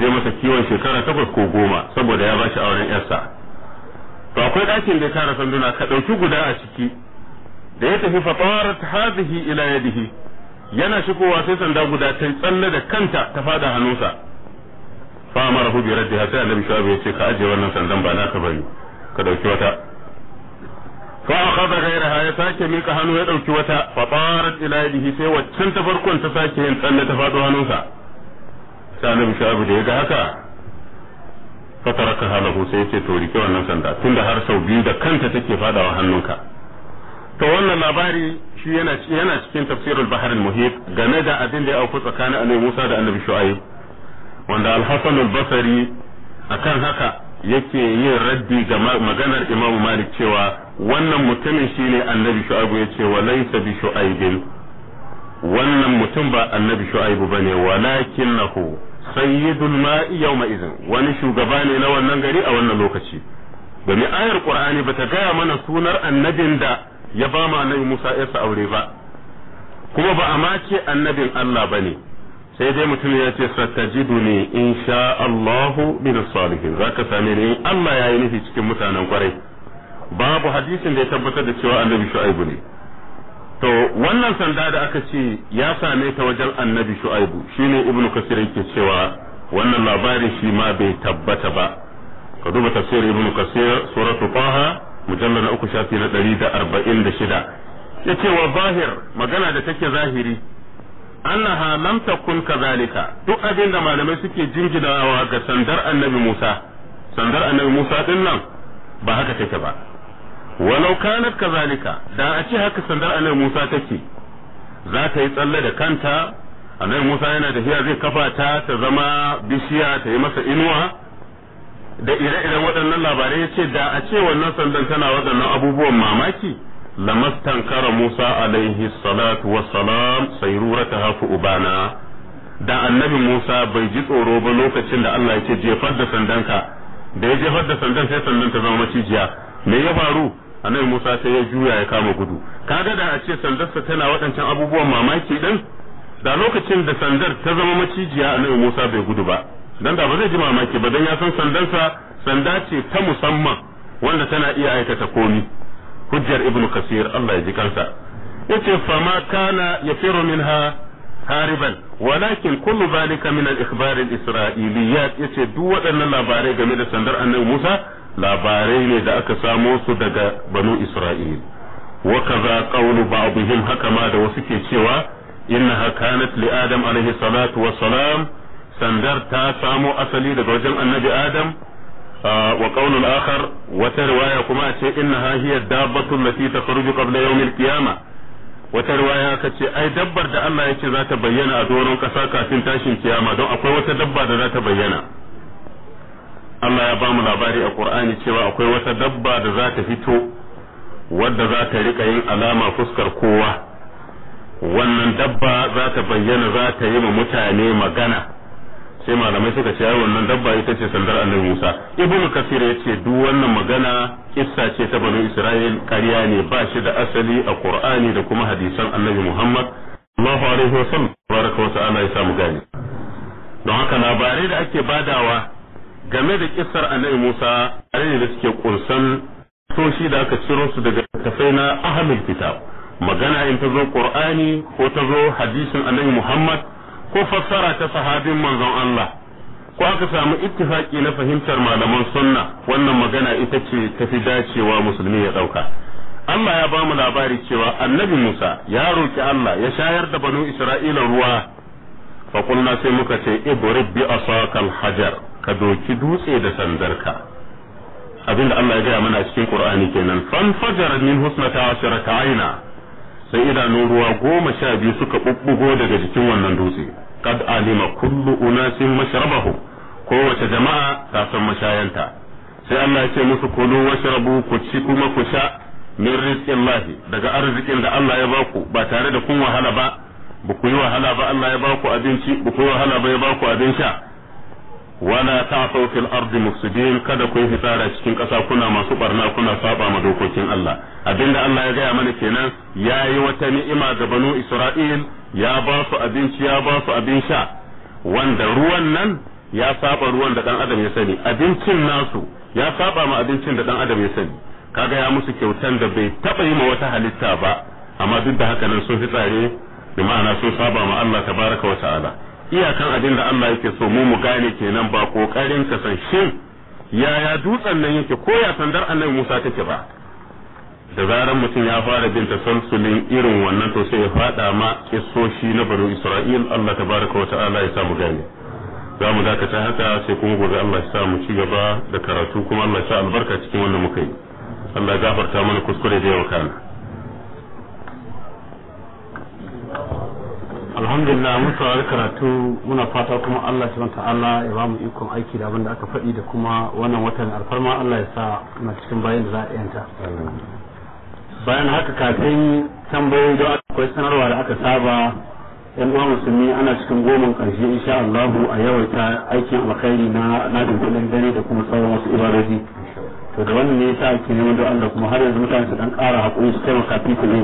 S1: zai masa kiwon shekara takwas ko goma saboda ya bashi auren yarsa to akwai ɗakin da ya tara sanduna ka ɗauki guda a ciki da ya tafi fatawarat hadihi ila yadihi yana shigowa sai sanda guda ta tsalle da kanta ta fada hannunsa fa amara hu bi raddiha sai annabi shu'aibu ya ce ka ajiye wannan sandan ba naka bane ka ɗauki wata fa akhadha ghayraha ya sake mika hannu ya ɗauki wata fa tarat ila yadihi sai waccan ta farkon ta sake yin tsalle ta fado hannunsa salim shabu da ya ga haka fa taraka halahu sai ce to rike wannan sanda tunda har sau biyu da kanta take fadawa hannunka to wannan labari shi yana cikin tafsirar bahar al-muhit game da abin da ya auku tsakanin annabi Musa da annabi Shu'aib wanda al-Hasan al-Basri akan haka yake yin raddi ga maganar Imam Malik cewa wannan mutumin shine annabi shu'aibu ya ce wa laisa bi shu'aibin wannan mutum ba annabi shu'aibu bane nahu sayyidul ma'i yawma idhin wani shugaba ne na wannan gari a wannan lokaci domin ayar qur'ani bata gaya mana sunar annabin da ya ba mu annabi Musa yarsa aure ba kuma ba a ma ce annabin Allah bane sai dai mutum ya ce satajiduni insha Allahu min salihin zaka same ni in Allah yayi nufi cikin mutanen kwarai babu hadisin da ya tabbatar da cewa annabi shu'aibu ne to wannan sanda da aka ce ya same ta wajen annabi shu'aibu shine ibnu kasir yake cewa wannan labarin shi ma bai tabbata ba ka duba tafsir ibnu kasir suratu taha mujallal na uku shafi na 146 yace wa zahir magana da take zahiri annaha lam takun kazalika duk abin da malamai suke jinginawa ga sandar annabi Musa sandar annabi Musa din nan ba haka take ba walau kanat kazalika da a ce haka sandar annabi Musa take za ta yi tsalle da kanta annabi Musa yana tafiya zai kafa ta ta zama bishiya ta yi masa inuwa da ire-iren waɗannan labarai ya ce da a ce wannan sandan tana waɗannan abubuwan mamaki kara Musa alaihi salatu wassalam sayrurata hafi ubana da annabi Musa bai ji tsoro ba lokacin da Allah ya ce jefar da sandanka da ya jefar da sandan sai sandan ta zama macijiya me ya faru annabi Musa sai ya juya ya kama gudu kaga da a ce sandarsa tana waɗancan abubuwan mamaki dan. da lokacin da sandar ta zama macijiya annabi Musa bai gudu ba dan da ba zai ji mamaki ba dan ya san sandarsa sanda ce ta musamman wanda tana iya aikata komi hujjar ibn kasir Allah ya ji kansa yace fama kana yafiru minha hariban walakin kullu zalika min al-ikhbar al-isra'iliyat yace duk waɗannan labarai game da sandar annabi Musa labarai ne da aka samo su daga banu isra'il wa kaza qawlu ba'dihim haka ma da wasu ke cewa innaha kanat li adam alaihi salatu wa salam sandar ta samo asali daga wajen annabi adam ah, wa qawlul akhar wata riwaya kuma a ce innaha hiya dabbatun lati takhruju qabla yawm al-qiyamah wata riwaya ka ce ai dabbar da Allah ya ce za ta bayyana a doron kasa kafin tashin kiyama don akwai wata dabba da za ta bayyana Allah ya bamu labari a Qur'ani cewa akwai wata dabba da za ta fito wadda za ta rika yin alama fuskar kowa wannan dabba za ta bayyana za ta yi ma mutane magana sai malamai suka ce ai wannan dabba ita ce sandar Annabi Musa Ibn Kathir ya ce duk wannan magana kissa ce ta Bani Isra'il ƙarya ne ba shi da asali a Qur'ani da kuma hadisan Annabi Muhammad sallallahu alaihi wasallam baraka wa ta'ala ya samu gani don haka labarai da ake badawa game da kissar annabi Musa tare da suke kunsan soshi da aka ciro su daga tafai na ahlul kitab magana in ta zo qur'ani ko ta zo hadisin annabi Muhammad ko fassara ta sahabin manzon Allah ko aka samu ittifaki na fahimtar malaman sunna wannan magana ita ce tafi dacewa musulmi ya dauka Allah ya ba mu labari cewa annabi Musa ya roki Allah ya shayar da banu Isra'ila ruwa fa sai muka ce ibrib bi asakal hajar ka doki dutse da sandarka abinda Allah ya gaya mana cikin Qur'ani kenan fan fajar min ashara ta aina sai idanun ruwa goma sha biyu suka bubbugo daga jikin wannan dutse kad alima kullu unasin mashrabahu kowace jama'a ta san mashayanta sai Allah ya ce musu kulu washrabu ku ci kuma ku sha min lahi daga arzikin da Allah ya baku ba tare da kun wahala ba ba ku yi wahala ba Allah ya baku abinci ba ku yi wahala ba ya baku abin sha wala ta fil ardi mufsidin kada ku yi fitsara cikin ƙasa kuna masu barna kuna saba ma dokokin Allah abinda Allah ya gaya mana kenan yayi wata ni'ima ga banu Isra'il ya ba su abinci ya ba su abin sha wanda ruwan nan ya saba ruwan da dan adam ya sani abincin nasu ya saba ma abincin da dan adam ya sani kaga ya musu kyautan da bai taba yi ma wata halitta ba amma duk da haka nan sun fitsare bi ma'ana sun saba ma Allah tabaraka wa ta'ala iyakan abin da Allah yake so mu mu gane kenan ba kokarin ka san shin yaya dutsen nan yake ko ya sandar annabi Musa take ba da zaran mutum ya fara bin tasalsulin irin wannan to sai ya fada ma kissoshi na baro Isra'il Allah tabaraka wa ta'ala ya samu gane za mu dakata haka sai kuma gobe Allah ya sa ci gaba da karatu kuma Allah ya sa albarka cikin wannan muka yi Allah ya gafarta mana kuskure da yau kana
S2: alhamdulillah mun saurari karatu
S1: muna fata kuma Allah subhanahu ta'ala ya ba mu ikon aiki da abin da aka faɗi da kuma wannan watan alfarma Allah ya sa muna cikin bayan da za a yanta bayan haka kafin tambayoyi da akwai sanarwa da aka saba yan uwa musulmi ana cikin goma karshe insha Allah a yawaita aikin alkhairi na na dindin dare da kuma sauran wasu ibadoji to da wannan ne yasa ake neman don Allah kuma har yanzu mutane su dan ƙara haƙuri su taimaka fi kullu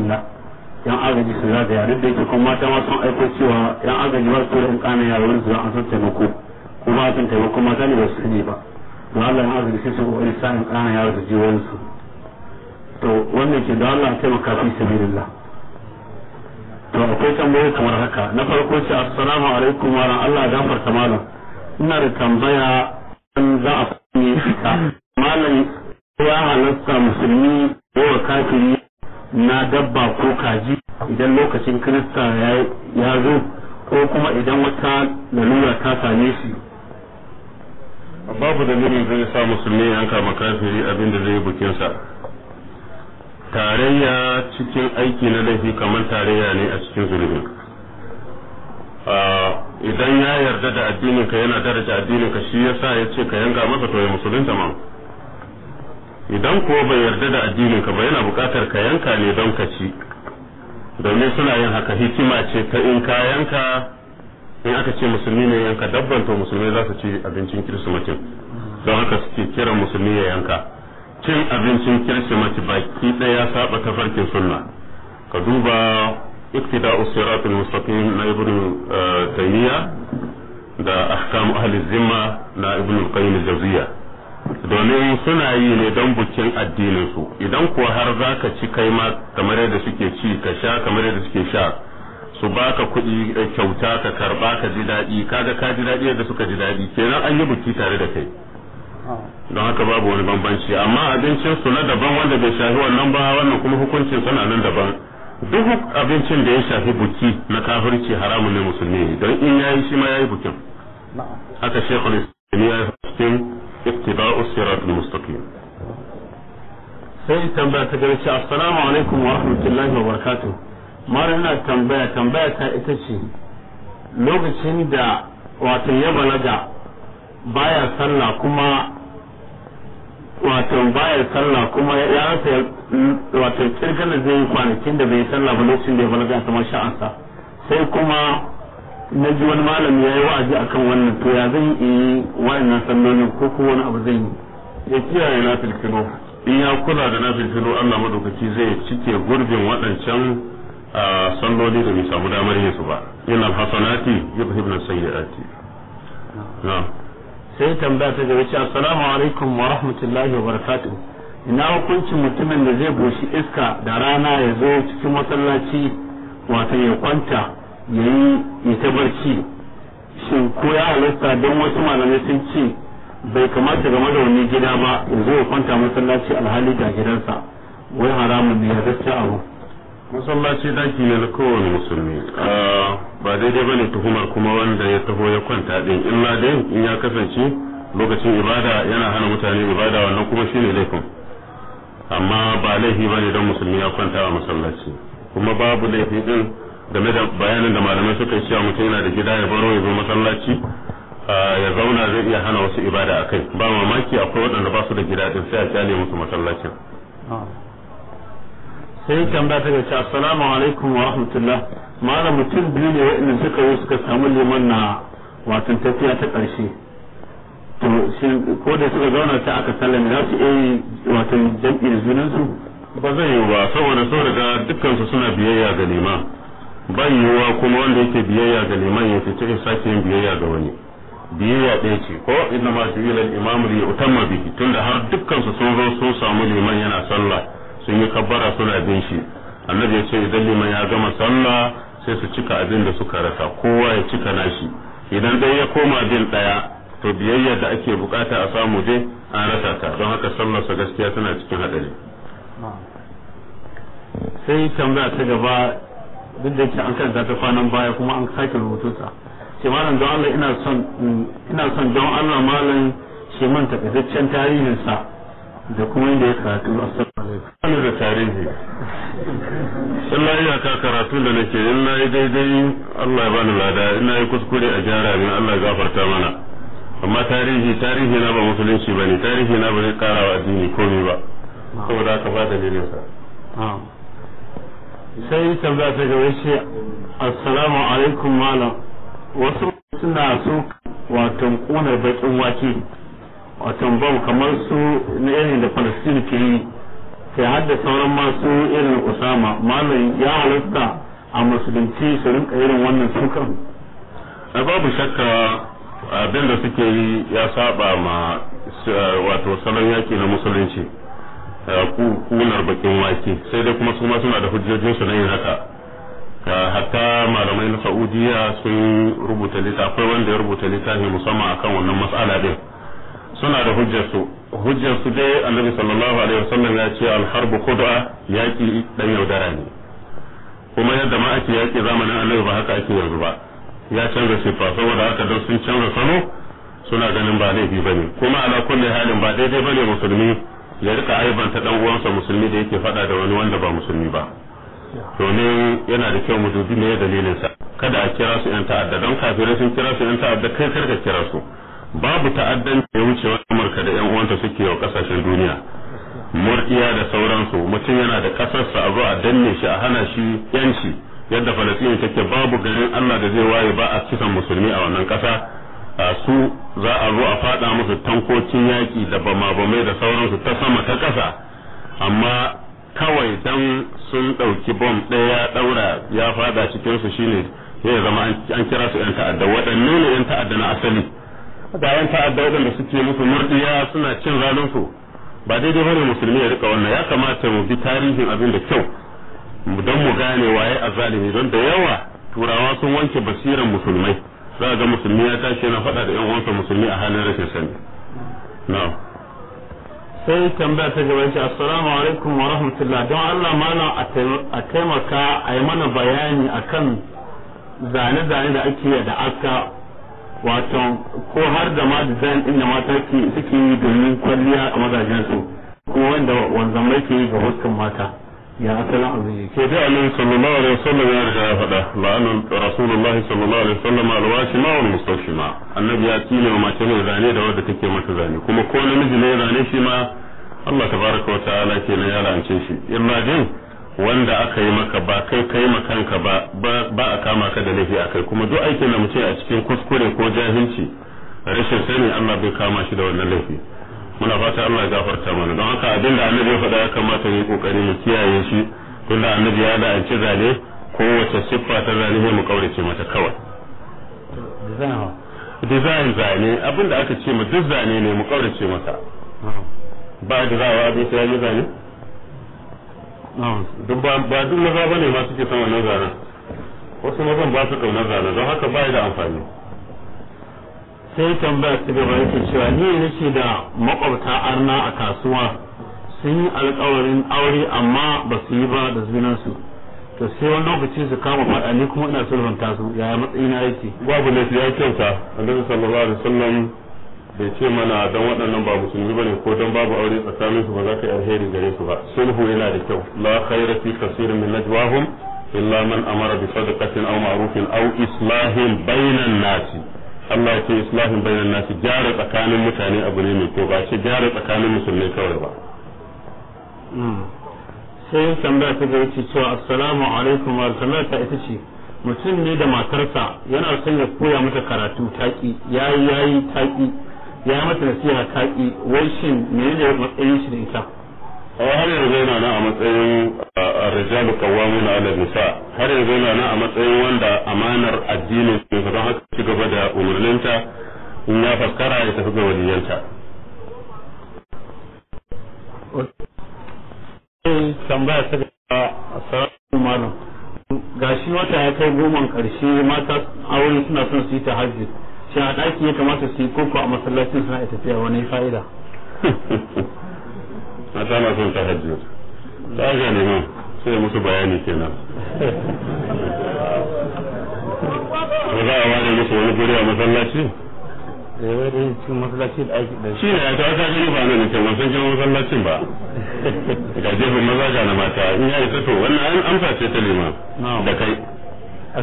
S1: yan agaji su zaga yaran da yake kuma mata ma sun aiko cewa yan agaji ba su tura yan kana wani su an san taimako kuma sun taimako mata ne ba su sani ba don Allah yan agaji sun su wani sa kana yaran su jiwon su to wannan ke don Allah taimaka fi sabilillah to akwai tambayoyi kamar haka na farko ce assalamu alaikum wa Allah gafarta malam ina da tambaya an za a fi fahimta malam ya halatta musulmi ko kafiri na dabba ko kaji idan lokacin kirista ya zo ko kuma idan wata lalura ta same shi babu dalilin zai sa musulmi an kama kafiri abinda zai bukinsa tarayya cikin aiki na laifi kamar tarayya ne a cikin zulubin idan ya yarda da addininka yana daraja addininka shi ya sa ya ce ka yanka masa to ya musulunta ma idan kuwa bai yarda da addinin addininka ba yana buƙatar ka yanka ne don ka ci domin suna yin haka hikima ce ta in ka yanka in aka ce musulmi ne yanka dabban to musulmai za su ci abincin kirsimacin don haka suke kiran musulmi ya yanka cin abincin kirsimati baki ɗaya saba tafarkin sunna ka duba iktida usirat mustaqim na ibn eh, taymiya da ahkam ahli zimma na ibn qayyim jawziya domin suna yi ne don bukin addininsu idan kuwa har za ka ci kai ma kamar yadda suke ci ka sha kamar yadda suke sha su baka kuɗi eh, kyauta ka karba ka ji daɗi kaga ka ji daɗi yadda suka ji daɗi kenan an yi buki tare da kai don haka babu wani bambanci amma abincin su na daban wanda bai shafi wannan ba wannan kuma hukuncin sana nan daban duk abincin da ya shafi buki na kafirci haramun ne musulmi don in yayi shi ma yayi bukin haka shekul sai tambaya ta gari assalamu alaikum wa wa barakatuh mara ina tambaya tambaya ta ita ce lokacin da wato ya balaga baya sallah kuma wato baya sallah ya rasa wato kirgan da zai yi kwanakin da bai sallah ba lokacin da ya balaga kamar sha'ansa sai kuma na ji wani malam ya yi wa'azi a kan wannan to ya zan yi wa'annan sallolin ko ko wani abu zan yi ya kiyaye na filfilo in ya kula da na filfilo Allah madaukaki zai cike gurbin waɗancan salloli da bai samu damar yin su ba ina hasanati yubhibna sayyiati na'am sai tambaya ta gaba ce assalamu alaikum wa rahmatullahi wa barakatuh ina hukuncin mutumin da zai goshi iska da rana ya zo cikin masallaci wato ya kwanta ya yi ya barci shin ko ya halatta don wasu malamai sun ce bai kamata ga mazaunin gida ba ya zo ya kwanta masallaci alhali ga gidansa wai haramun ne ya a abu masallaci daki ne na kowane musulmi ah, ba daidai bane tuhumar kuma wanda ya taho ya kwanta din ma dai in ya kasance lokacin ibada yana hana mutane ibada wannan kuma shine laifin amma ba laifi ba ne don musulmi ya kwanta a masallaci kuma babu laifi din game da bayanin da malamai suka cewa mutum yana da gida ya baro ya zo masallaci ya zauna zai iya hana wasu ibada a kai ba mamaki akwai waɗanda ba su da gida din sai a kyale musu masallacin ah. sai tambaya ta gaci assalamu alaikum wa rahmatullah malam mutum biyu ne waɗanda suka yi suka samu liman na watan tafiya ta ƙarshe to ko da suka zauna ta aka sallame za su iya watan jam'i da junansu ba zai yi ba saboda saboda dukkan su suna biyayya ga liman bai yiwuwa kuma wanda yake biyayya ga liman ya fita ya sake yin biyayya ga wani biyayya ɗaya ce ko inda ma su al-imamu li biki tunda har dukkan su sun zo sun samu liman yana sallah sun yi kabbara suna bin shi annabi ya ce idan liman ya gama sallah sai su cika abin da suka rasa kowa ya cika nashi idan dai ya koma bin ɗaya to biyayya da ake bukata a samu dai an rasa ta don haka sallarsa gaskiya tana cikin haɗari sai tambaya ta gaba duk da yake an kai ta kwanan baya kuma an sake rubutunsa ce malam don Allah ina son ina son don Allah malam shi man takaitaccen tarihinsa da kuma inda ya karatu assalamu alaikum da tarihi illa ina ka karatu da nake in na yi daidai Allah ya bani lada in na yi kuskure a gyara min Allah ya gafarta mana amma tarihi tarihi na ba musulunci bane tarihi na ba zai karawa addini komai ba saboda haka ba dalilin sa sai tambaya ta gaba shi assalamu alaikum malam wasu suna so watan kunar bakin wake watan bam kamar su na irin da palestine ke yi sai har da sauran masu irin usama malam ya halatta a musulunci su rinka irin wannan sukan babu shakka abinda suke yi ya saba ma wato salon yaki na musulunci Eh, kunar bakin wake sai dai kuma su ma suna da hujjojin su na yin haka eh, hatta malamai na saudiya sun rubuta akwai wanda ya rubuta littafi musamman akan wannan mas'ala din suna da hujjar su dai annabi sallallahu alaihi wasallam ya ce alharbu khud'a yaki dan yaudara ne kuma yadda ma ake yaki zamanin annabi ba haka ake yanzu ba ya canza sifa saboda haka dan sun canza sano suna ganin ba laifi bane kuma ala kulli halin ba daidai bane musulmi ya rika aibanta dan uwansa musulmi da yake fada da wani wanda ba musulmi ba ne yana da kyau mu dubi me dalilin sa kada a kira su yan ta'adda don kafirai sun kira su yan ta'adda kai kar ka kira su babu ta'addan da ya wuce wani Amurka da yan uwanta suke wa kasashen duniya murdiya da sauransu mutum yana da kasarsa a zo a danne shi a hana shi yanci yadda Falasɗin take babu garin Allah da zai waye ba a kisan musulmi a wannan kasa su za a zo a fada musu tankocin yaƙi da bama-bamai da sauransu ta sama ta ƙasa amma kawai dan sun ɗauki bom ɗaya ya ɗaura ya fada cikinsu shine ya zama an kira su 'yan ta'adda waɗanne ne 'yan ta'adda na asali da 'yan ta'adda waɗanda suke musu murɗiya suna cin zalunsu ba daidai bane musulmi ya rika wannan ya kamata mu bi tarihin abin da kyau don mu gane waye azalimi don da yawa turawa sun wanke basiran musulmai za a ga musulmi ya tashi yana faɗa da 'yan uwansa musulmi a halin rashin sani na. sai tambaya ta gaba shi assalamu alaikum wa rahmatullah don Allah malam a taimaka a yi mana bayani akan zane-zane da ake yi da aka wato ko har da ma design din da mata suke yi domin kwalliya a mazajen su ko wanda wanzan ke yi ga huskan mata ya asalin zai annabi ya ma wa zane da wadda take mata zane kuma ko namiji zane ma Allah ya wanda aka yi maka ba kai kai makanka ba ba a kama ka da laifi akai kuma duk aikin da a cikin kuskure ko jahilci rashin sani Allah bai kama shi da wannan laifi muna fata Allah ya gafarta mana don haka abin da annabi ya faɗa ya kamata mu yi kokari mu kiyaye shi da annabi ya da la'anci zane kowace siffa ta zane ne mu kaurace mata kawai design zane abin da aka ce mu duk zane ne mu kaurace mata ba da zawa abin sai ya zane ba duk maza bane ma suke son wannan zane wasu mazan ba su kauna zane don haka ba da amfani sai tambaya ta gaba yake cewa ni ce da makwabta arna a kasuwa sun yi alkawarin aure amma ba su yi ba da junansu to sai wani lokaci su kama faɗa ni kuma ina sulhunta su matsayi na aiki. babu laifi ya kyauta annabi sallallahu alaihi wasallam bai ce mana dan waɗannan ba musulmi bane ko dan babu aure tsakanin su ba za ka yi alheri gare su ba sulhu yana da kyau la khayra fi kasirin min najwahum illa man amara bi sadaqatin aw ma'rufin aw islahin bainan nasi Allah ya ce islahin bayanan nasu gyara tsakanin mutane abu ne mai ko ba shi gyara tsakanin musulmai kawai ba hmm. sai tambaya ta ga ce cewa assalamu alaikum wa tambaya ta ita ce mutum ne da matarsa yana son ya koya mata karatu taƙi yayi yayi taƙi ya mata nasiha taki wai shin ne matsayin shi da ita a har yanzu yana nan a matsayin الرجال قوامون على النساء har yanzu yana nan a matsayin wanda amanar addinin ne don haka ci gaba da umarninta in ya faskara ya tafi ga waliyanta tambaya ta wata ya kai goman karshe mata aure suna son su yi hajji shi a ɗaki ya kamata su yi koko a masallacin suna tafiya wani fa'ida mata na son ta ga neman sai musu bayani kenan ko za a ware musu wani guri a masallaci eh, cikin masallaci da ake da shi ne ya tawata gani ba nan ke masu gina masallacin ba ga jefin maza ga na mata in ya isa to wannan an amsa ce ta lima da kai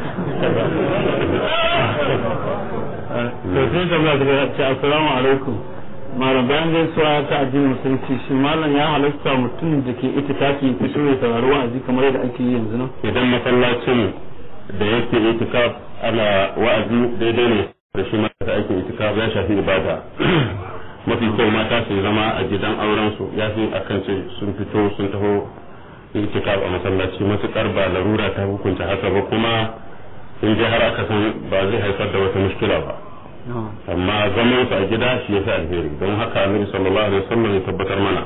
S1: to sai ta ba ta ce assalamu alaikum malam bayan gaisuwa ta addinin musulunci shi malam ya halasta mutum da ke itikafi fito ya a ji kamar yadda ake yi yanzu nan idan masallacin da yake itikaf ana wa'azi daidai ne da shi mata ake itikaf ya shafi ibada mafi kyau mata su zama a gidan auren su ya fi akan ce sun fito sun taho itikaf a masallaci matukar ba larura ta hukunta haka ba kuma in ji har aka san ba zai haifar da wata mushkila ba amma zaman ta a gida shi ya sa alheri don haka annabi sallallahu alaihi wasallam ya tabbatar mana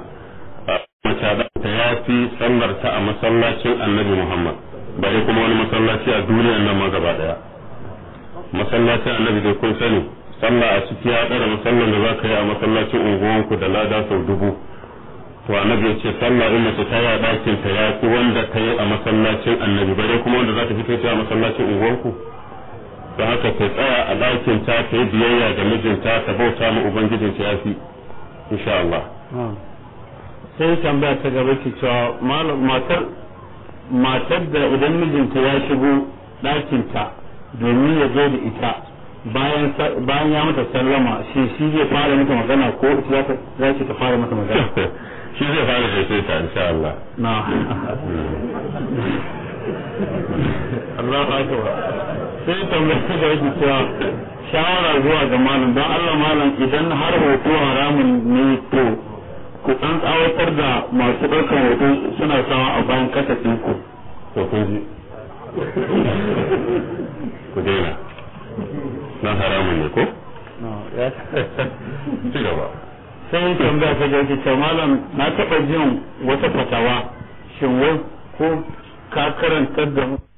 S1: mace ta yafi sallar ta a masallacin annabi Muhammad bare kuma wani masallaci a duniya nan ma gaba daya masallacin annabi da kun sani sallah a ciki ya dara musallan da zaka yi a masallacin unguwanku da lada sau dubu to annabi ya ce sallah in mace ta yi a ta yafi wanda ta yi a masallacin annabi bare kuma wanda za ta fito ta a masallacin unguwanku da haka ta tsaya a ɗakin ta ta yi biyayya ga mijinta ta bauta ma ubangijin ta yafi insha Allah sai tambaya ta gaba ki cewa matar matar da idan mijinta ya shigo ɗakin ta domin ya zo da ita bayan bayan ya mata sallama shi shi zai fara mata magana ko ita za ta fara mata magana shi zai fara gaishe ta insha Allah na
S2: Allah akbar sai tambayar
S1: da yake cewa shawara zuwa ga malam don Allah malam idan har hoto haramun ne to ku dan tsawatar da masu ɗaukar hoto suna sawa a bayan kasafin ku to kun ji ku daina na haramun ne ko ci gaba sai tambaya ta gaske cewa malam na taɓa jin wata fatawa shin wai ko ka karanta da mu